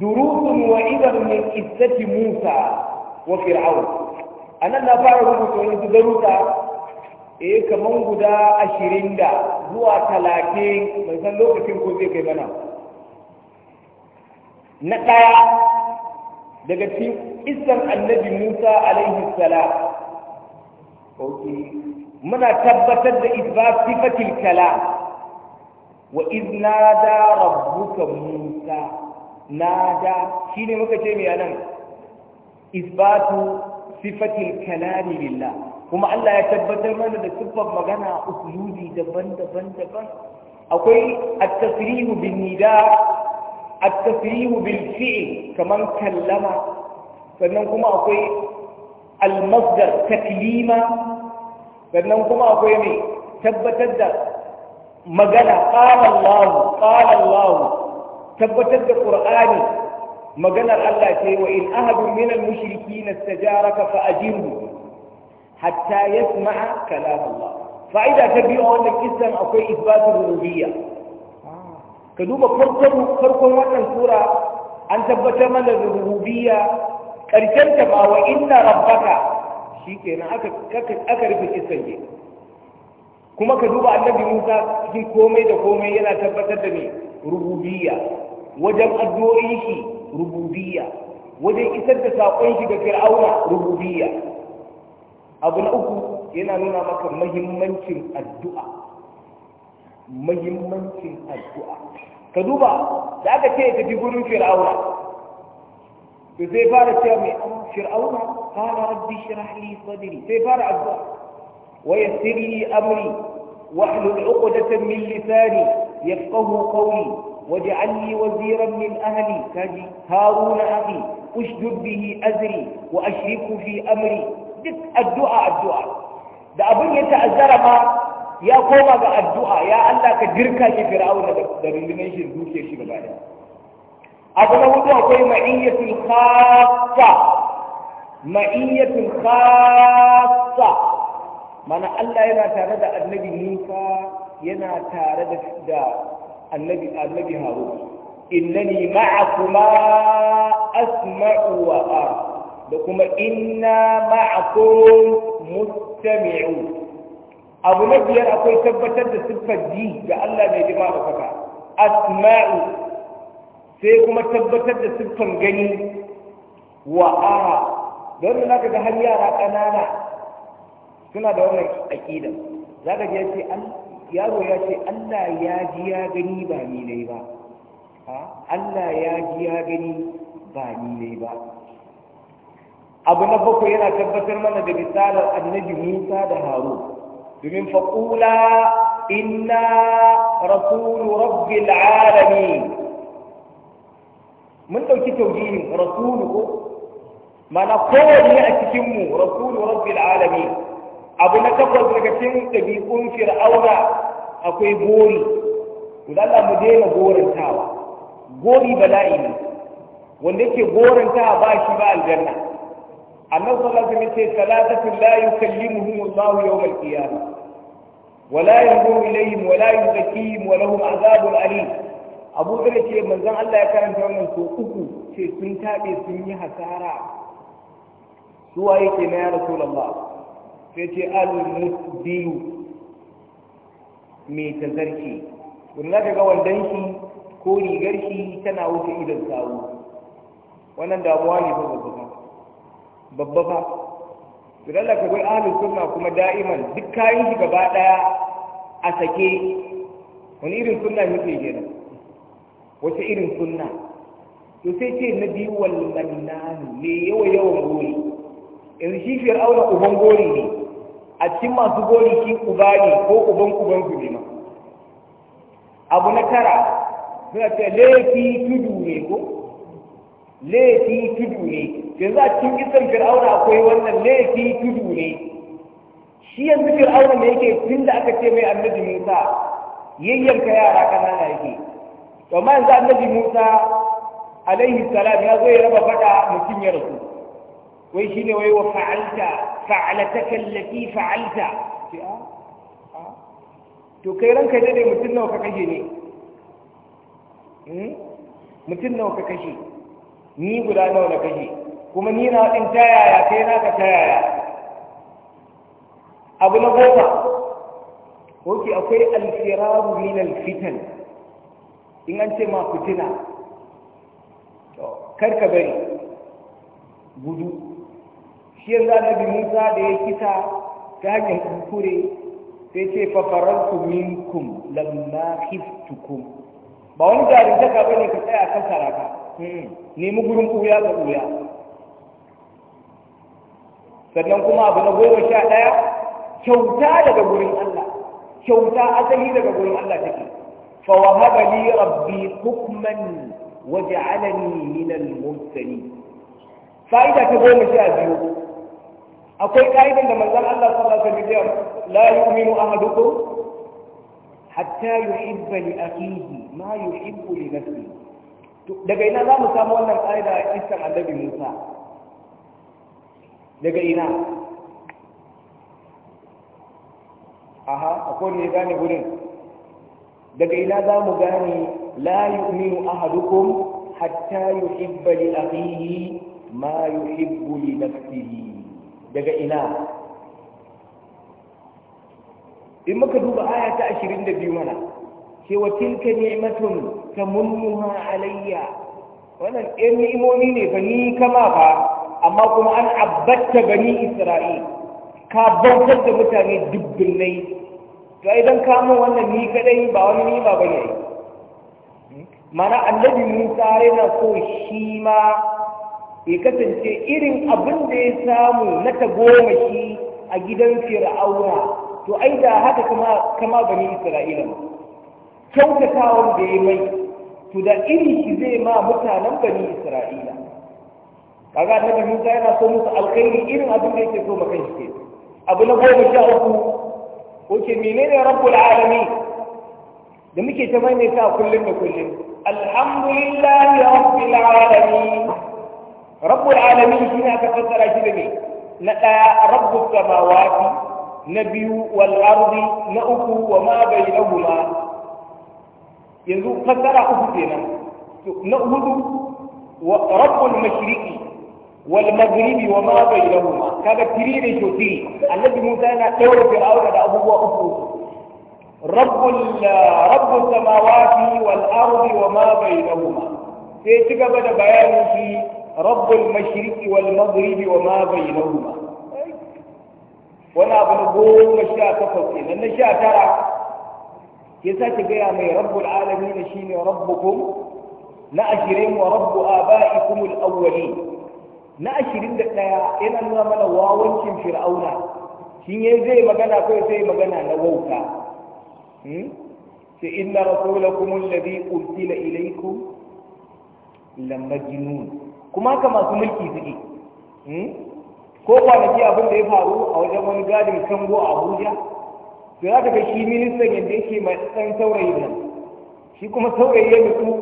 Speaker 2: durusun
Speaker 1: wa idan min izzati musa wa fir'aun anan na fara rubuta wani daruka eh kaman guda ashirin da zuwa talatin mai san lokacin ko zai kai mana na ɗaya daga cikin isan annabi musa alaihi salam muna tabbatar da isba sifatil kala wa iznada rabbuka musa nada shine muka ce mai anan isbatu sifatil kalami lillah kuma Allah ya tabbatar mana da siffar magana usulubi daban-daban daban akwai at-tasrihu bin nida at-tasrihu bil fi'l kaman kallama sannan kuma akwai al-masdar taklima sannan kuma akwai ne tabbatar da magana qala Allah qala Allah tabbatar da qur'ani maganar Allah ce wa in ahadun minal mushrikeena istajaraka fa ajirhu hatta yasma'a kalam Allah fa'ida ta biyu a wannan kissan akwai isbatul rububiyya ka duba farkon wannan sura an tabbatar mana da rububiyya karshen ta ba wa inna rabbaka shikenan aka aka rufe kissan ne kuma ka duba annabi Musa cikin komai da komai yana tabbatar da ne rububiya. wajen addu'o'i shi rububiya. wajen isar da saƙon shi ga fir'auna rububiya. abu na uku yana nuna maka mahimmancin addu'a mahimmancin addu'a ka duba da aka ce ya tafi gurin fir'auna to zai fara cewa mai fir'auna kana rabbi shirah li sadri zai fara addu'a wa yassir li amri wa hlul واحلل عقدة من لساني يفقه قولي li waziran min ahli kaji haruna abi ushdud bihi azri wa وأشركه fi amri duk addu'a addu'a da abin ya ta'azzara ma ya koma ga addu'a ya Allah ka jirka shi fir'auna da rundunar shi zuciyar shi gaba da
Speaker 2: abu na hudu akwai ma'iyyatul
Speaker 1: khaffa ma'iyyatul khaffa mana Allah yana tare da annabi Musa yana tare da annabi annabi Harun innani ma'akuma asma'u wa ara da kuma inna ma'akum mustami'u abu na biyar akwai tabbatar da siffar ji ga Allah mai jima da kaka asma'u sai kuma tabbatar da siffar gani wa ara don za naka ga har yara ƙanana suna da wannan aqida za ka yace an yaro ya ce Allah ya ji ya gani ba ni ne ba Allah ya ji ya gani ba ni ne ba abu na bako yana tabbatar mana da misalar annabi musa da haru domin faƙula inna rasulu rabbil alamin mun ɗauki tauhidin rasulu ko mana kowanne a cikinmu rasulu rabbil alamin abu na takwas daga cikin ɗabi'un fir'auna akwai gori ku Allah mu daina gorantawa gori bala'i ne wanda yake goranta ba shi ba aljanna annabi sallallahu alaihi wasallam ce salatatu la yukallimuhum Allah yawm al-qiyamah wa la yanzu ilayhim wa la yuzakkihim wa lahum azabun alim Abu Dhar ce manzon Allah ya karanta wannan so uku ce sun tabe sun yi hasara su waye ke na ya rasulullah sai ce al-musbilu mai tazarki wanda ka ga wandan shi ko rigar shi tana wuce idan sawu wannan damuwa ne ba babba babba fa to dalla ka goyi suna sunna kuma da'iman duk kayan shi gaba daya a sake wani irin sunna ke kenan wace irin sunna to sai ce na biyu wal mannan ne yawa yawan gori in shi auna uban gori ne a cikin masu gori shi uba ne ko uban uban su ne ma abu na tara suna ce laifi tudu ne ko laifi tudu ne yanzu a cikin kisan fir'auna akwai wannan laifi tudu ne shi yanzu fir'auna ne yake tun da aka ce mai annabi musa yayyanka yara kanana yake to ma yanzu annabi musa alaihi salam ya zo ya raba faɗa mutum ya rasu wai shine wai wa fa'alta fa'alataka allati fa'alta ah, ah. to kai ranka ne mutum nawa ka kashe ne hmm? mutum nawa ka kashe ni guda nawa na kashe kuma ni na ɗin ta yaya kai na ka ta yaya abu na goma oke akwai alfiraru min alfitan in an ce ma fitina to kar ka bari gudu shi yanzu annabi musa da ya kisa ta hanyar kure sai ce fafarantu minkum lamma khiftukum ba wani jarumtaka bane ka tsaya kan saraka hmm, hmm. nemi gurin kuya ga kuya sannan kuma abu na goma sha ɗaya kyauta daga gurin Allah kyauta asali daga gurin Allah take fa wahaba li rabbi hukman wa ja'alani min al-mursalin fa'ida ta goma sha biyu akwai ka'idan da manzon Allah sallallahu alaihi wasallam la yu'minu ahadukum hatta yuhibba li akhihi ma yuhibbu li nafsihi daga ina za mu samu wannan ka'ida a iskar annabi Musa daga ina aha akwai ne gane gudun daga ina za mu gane la a hadukun hatta hibbali a akhihi ma hibbuli na nafsihi daga ina in maka duba aya ta 22 mana cewa tilka ni'matun tamunnuha alayya wannan ɗan ni'imomi ne fa ni kama fa amma kuma an abbatta bani isra'il ka bautar da mutane dubbinai to idan ka wannan ni kadai ba wani ni ba bane mana annabi Musa yana so shi ma ya kasance irin abin da ya samu na shi a gidan fir'auna to ai da haka kama kama bani isra'ila kyautatawan da ya mai to da iri shi zai ma mutanen bani isra'ila kaga annabi Musa yana so musu alkhairi irin abin da yake so maka shi ke abu na goma sha uku oke menene rabbul alamin da muke ta maimaita kullum da kullum alhamdulillahi rabbil alamin
Speaker 2: rabbul alamin
Speaker 1: shine aka fassara shi da me na daya rabbus samawati na biyu wal ardi na uku wa ma bainahuma yanzu fassara uku kenan na hudu wa rabbul
Speaker 2: mashriqi
Speaker 1: والمغرب وما بينهما كذا كثير جدي الذي موسى لا تور في الأرض هذا أبوه أبوه رب رب السماوات والأرض وما بينهما في تجربة بيان في رب المشرق والمغرب وما بينهما wani abu na goma sha ترى ke nan na sha tara ke sace gaya mai rabbul alami na na ashirin da ɗaya yana nuna mana wawancin fir'auna Shin ya zai magana kawai sai magana na wauta hmm? sai inna rasulakum alladhi ursila ilaykum la majnun kuma ka masu mulki suke hmm? ko kwanaki abin da ya faru a wajen wani gadin kango a abuja sai za ka ga shi ministan yadda yake mai ɗan saurayi nan shi kuma saurayi ya mutu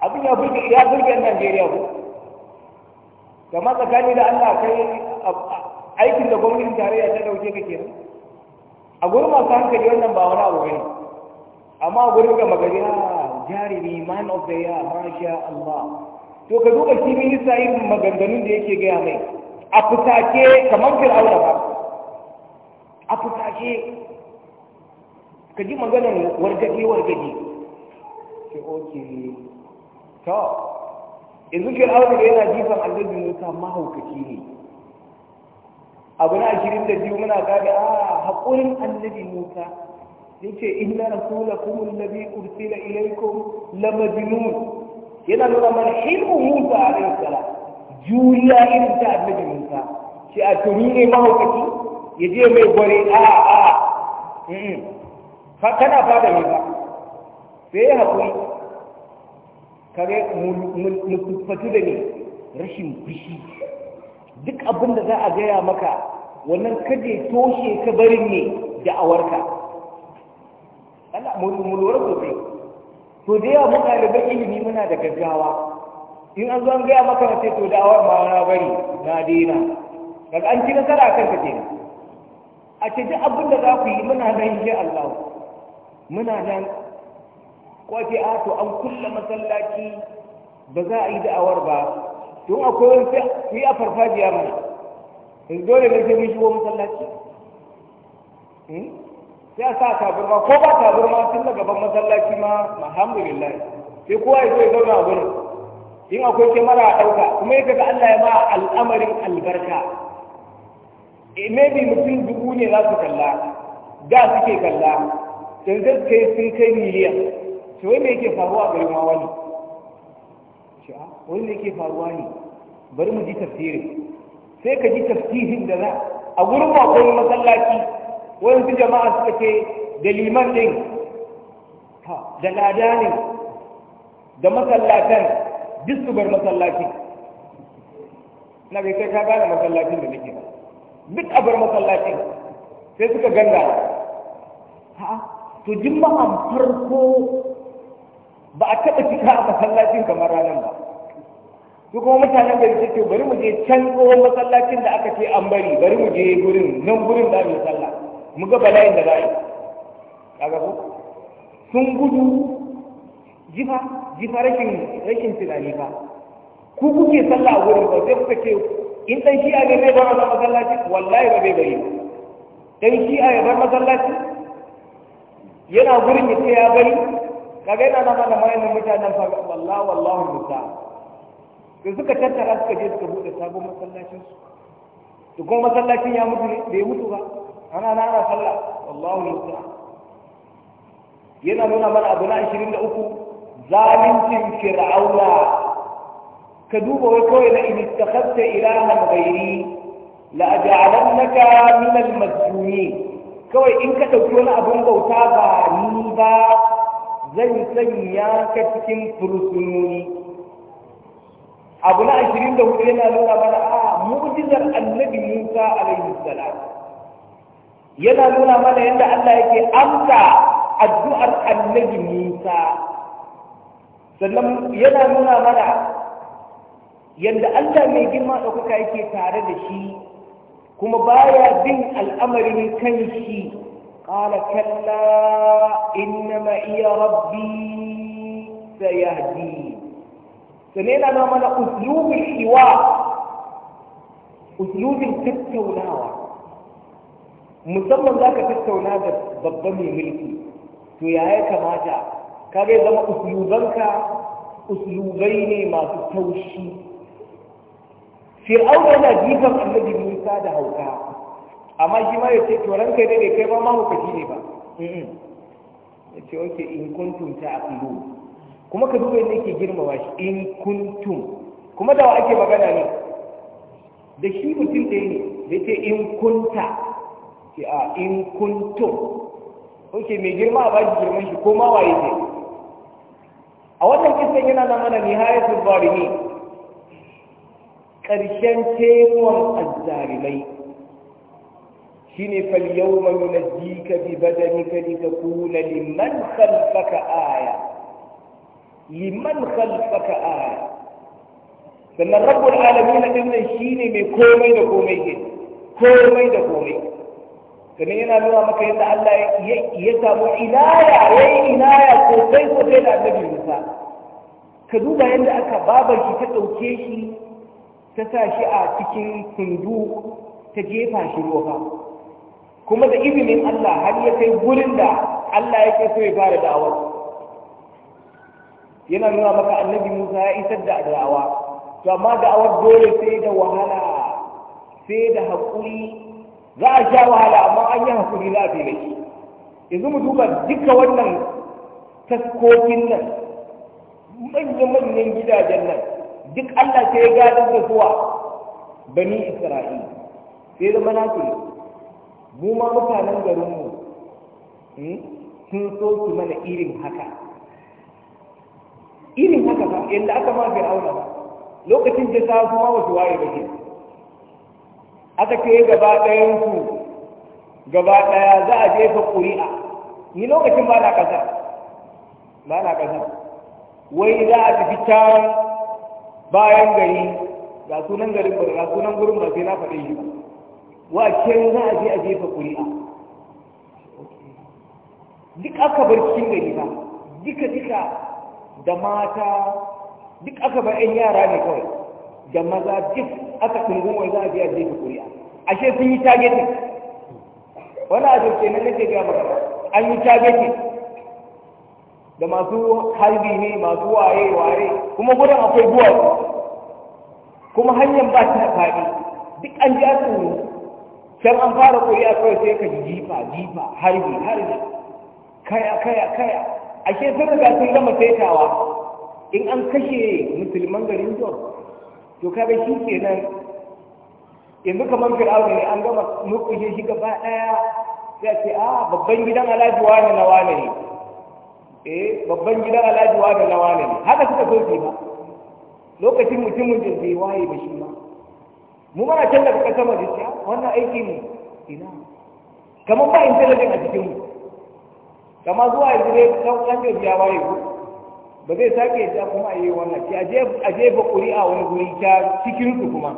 Speaker 1: abin ya burge ya burge najeriya ko kama tsakani da Allah kai aikin da gwamnatin tarayya ta dauke ka kenan a gurin masu hankali wannan ba wani abu bane amma a gurin ga magari ha ah, ne man of the year masha Allah to ka duba shi minista yin maganganun da yake gaya mai a fitake kamar fir'auna ba a fitake ka ji maganar wargaje wargaje ke oke to yanzu fir'auna da yana jifan annabi musa mahaukaci ne abu na ashirin da biyu muna gada a ah, haƙurin annabi musa ya ce inna rasulakum alladhi ursila ilaykum la majnun yana nuna mana hilmu musa alayhi salam juriya irin ta annabi musa ce a turi ne mahaukaci ya je mai gware a a kana fada ne ba sai ya haƙuri kare mu tuffatu da ne rashin fushi duk abin da za a gaya maka wannan kaje toshe ka barin ne da awarka Allah mu lura sosai to da yawa mutane ba ilimi muna da gaggawa in an zo an gaya maka na to da awar ma na bari na daina daga an ci nasara kan ka kenan a ce duk abin da za ku yi muna nan insha Allah muna nan ko ake ato an kulle masallaci ba za a yi da'awar ba tun akwai wani sai yi a farfajiya mana in dole ne sai mun shigo masallaci hmm? sai a sa taburma ko ba taburma tun da gaban masallaci ma alhamdulillah sai kowa ya zo ya zauna a gurin in akwai kyamara a ɗauka kuma yake ga Allah ya ba al'amarin albarka e maybe mutum dubu ne za su kalla da suke kalla yanzu sai sun kai miliyan ce wani yake faruwa a garin wawa ne ce a ah, yake faruwa ne bari mu ji tafsirin sai ka ji tafsirin da za a gurin akwai masallaci wani jama'a suka ce da liman ɗin da ne, da masallatan duk su bar masallacin na bai kai ka gane masallacin da nake ba duk a bar masallacin sai suka ganga ha to jima'an farko ba a taɓa cika a masallacin kamar ranar ba su kuma mutanen gari ce bari mu je can tsohon masallacin da aka ce an bari bari mu je gurin nan gurin da mai sallah mu ga bala'in da za a yi kaga ko sun gudu jifa jifa rashin rashin tunani fa ku kuke sallah a gurin ba sai kuka ce in dan shi'a ne zai bar wannan masallaci wallahi ba bai bari dan shi'a ya bar masallaci yana gurin ya ce ya bari kaga yana nan da mayan mutanen fa wallahi wallahi musa da suka tattara suka je suka bude sabon masallacin su to kuma masallacin ya mutu da ya mutu ba ana na ana sallah
Speaker 2: wallahi musa
Speaker 1: yana nuna mana abu na 23 zalincin fir'auna ka duba wai kawai na in ittakhadta ilahan ghairi la aj'alannaka min al-majnunin kawai in ka dauki wani abun bauta ba ni ba zan sanya ka cikin fursunoni abu na ashirin da hudu yana nuna mana a mu'jizar annabi musa alaihi salam yana nuna mana yadda allah yake amsa addu'ar annabi musa sannan yana nuna mana yadda allah mai girma ɗaukaka yake tare da shi kuma baya bin al'amarin kan shi قال كلا إن معي ربي سيهدي سمعنا ما من أسلوب الحوار أسلوب التتوناوة musamman za ka tattauna da babban mai mulki to ya kamata ka zama uslubanka uslubai ne masu taushi fir'auna yana jifan annabi musa da hauka amma shi ma ya ce to kai dai kai ba mahaukaci ne ba ya ce oke in kuntum ta aqilu kuma ka duba yadda yake girmama shi in kuntum kuma da wa ake magana ne da shi mutum ɗaya ne da ce in kunta ce a in kuntum oke mai girma a bashi girman shi ko ma waye ne a wannan kisan yana nan mana nihayatul zalimi ƙarshen temuwan azzalimai shine fal yawma yunajjika bi badanika litakuna liman khalfaka aya liman khalfaka aya sannan rabbul alamin din nan shine mai komai da komai ke komai da komai sannan yana nuna maka yadda Allah ya samu inaya yayi inaya sosai sosai da annabi Musa ka duba yadda aka babar shi ta ɗauke shi ta sa shi a cikin sundu ta jefa shi ruwa kuma da izinin Allah har ya kai gurin da Allah yake so ya fara da'awar yana nuna maka annabi Musa ya isar da da'awa to amma da'awar dole sai da wahala sai da haƙuri za a sha wahala amma an yi haƙuri za a fi laifi yanzu mu duba duka wannan taskokin nan manya-manyan gidajen nan duk Allah sai ya gada da zuwa bani Isra'ila sai zama nasu mu ma mutanen garinmu hmm, sun so su mana irin haka irin haka ba yadda aka ma fir'auna ba lokacin da ta kuma wasu waye ba ke aka ce gaba ɗayan su gaba ɗaya za a jefa ƙuri'a ni lokacin ba na ƙasa ba na ƙasa wai za a tafi can bayan gari ga sunan garin ga sunan gurin ba sai na faɗe shi ba wa ke za a je a jefa ƙuri'a? duk aka bar cikin gari ba duka duka da mata duk aka bar 'yan yara ne kawai da maza duk aka tungumar za a je a jefa kuri'a ashe sun yi targeting wani a jirgin nan nake biya maka an yi targeting da masu harbi ne masu waye waye kuma gudun akwai buwa kuma hanyar ba ta faɗi duk an ji a tsoro can an fara kuri'a kawai sai ka ji jifa jifa harbi harbi kaya kaya kaya ashe sun riga sun gama saitawa in an kashe musulman garin jor to kaga shi ke In yanzu kamar fir'auna ne an gama nukushe shi gaba daya sai ce a ah, babban gidan alhaji wani na wani ne eh babban gidan alhaji da na wani ne haka suka so ba lokacin mutumin da zai waye ba shi ba mu mana canza daga kasa wannan aiki ne? ina kamar ba intelligent a cikin kama zuwa yanzu ne kan kan da biya waye ku ba zai sake ya kuma a yi wannan ki a jefa ƙuri'a wani guri ta cikin su kuma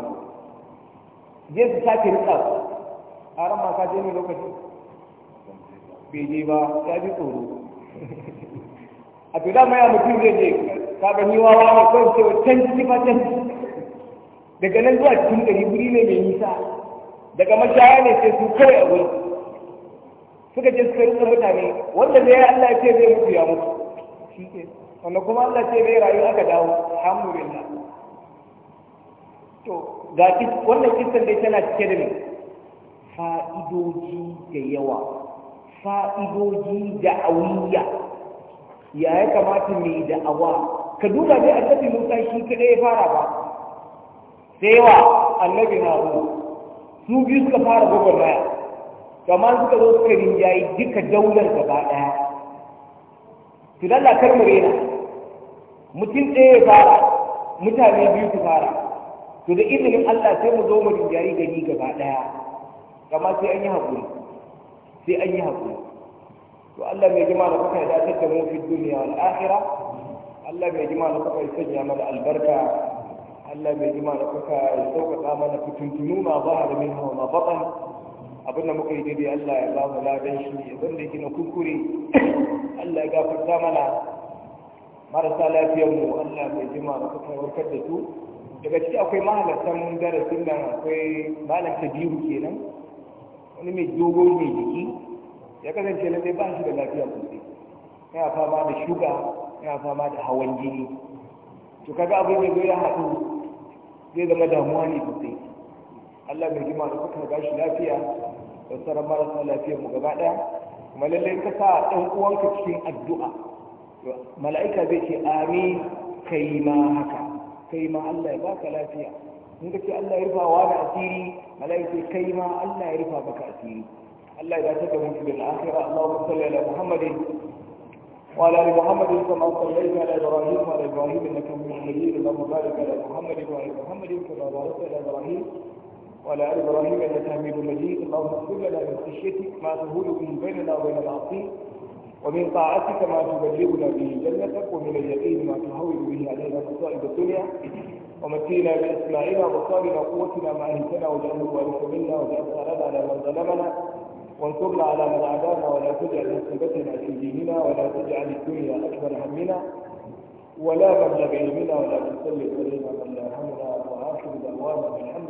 Speaker 1: je su sake rika su a ran ma ka je ne lokaci bai je ba ya ji tsoro a to dama ya mutum zai je ka ga ni wawa ne kawai cewa can ci ba can daga nan zuwa cikin gari guri ne mai nisa daga mashaya ne sai su kawai a wuri suka je suka rika mutane wanda zai Allah ce zai mutu ya mutu shi ke wanda kuma Allah ce zai rayu aka dawo alhamdulillah to ga wannan kisan dai tana cike da ne fa'idoji da yawa fa'idoji da awiya ya ya kamata mai da awa ka duba dai annabi Musa shi kadai ya fara ba sai wa annabi Harun su biyu suka fara gwagwarmaya kamar suka zo suka rinjaye duka daular gaba ɗaya su dalla kar mu rena mutum ɗaya ya fara mutane biyu su fara to da izinin Allah sai mu zo mu rinjaye gari gaba ɗaya kamar sai an yi haƙuri sai an yi haƙuri to Allah mai jima da kuka ya dace da mu fi duniya wal akhirah Allah mai jima da kuka ya sanya mana albarka Allah mai jima da kuka ya sauƙaƙa mana fitintunu ma ba da min hawa ma baɗan abinda muka yi daidai Allah ya bamu ladan shi zan yake na kuskure Allah ya gafarta mana marasa lafiyar mu Allah mai jima da kuka warkar da su daga ciki akwai mahalartan darasin nan akwai malam Kabiru kenan wani mai dogo mai jiki ya kasance lallai ba shi da lafiya sosai yana fama da shuga yana fama da hawan jini to kaga abin da ya haɗu zai zama damuwa ne sosai Allah mai gima da kuka gashi lafiya da tsara marasa lafiyar mu gaba daya kuma lallai ka sa ɗan uwanka cikin addu'a mala'ika zai ce amin kai ma haka kai ma Allah ya baka lafiya in ka ce Allah ya rufa wa da asiri mala'ika kai ma Allah ya rufa maka asiri Allah ya dace da mu bil akhirah Allahumma salli ala Muhammadin وعلى ال محمد كما صليت على ابراهيم وعلى ابراهيم انك من مجيد اللهم بارك على محمد وعلى محمد كما باركت على ابراهيم وعلى ال ابراهيم انك حميد مجيد اللهم اغفر لنا من خشيتك ما تهول به بيننا وبين العصيم ومن طاعتك ما تبلغنا به جنتك ومن اليقين ما تهول به علينا مصائب الدنيا ومتينا باسماعنا وصالنا قوتنا ما اهلتنا واجعله وارث منا واجعل ثارنا على من ظلمنا وانصرنا على من عادانا ولا تجعل مصيبتنا في ديننا ولا تجعل الدنيا اكبر
Speaker 2: همنا ولا مبلغ علمنا ولا تسلط علينا من لا همنا واخر دعوانا الحمد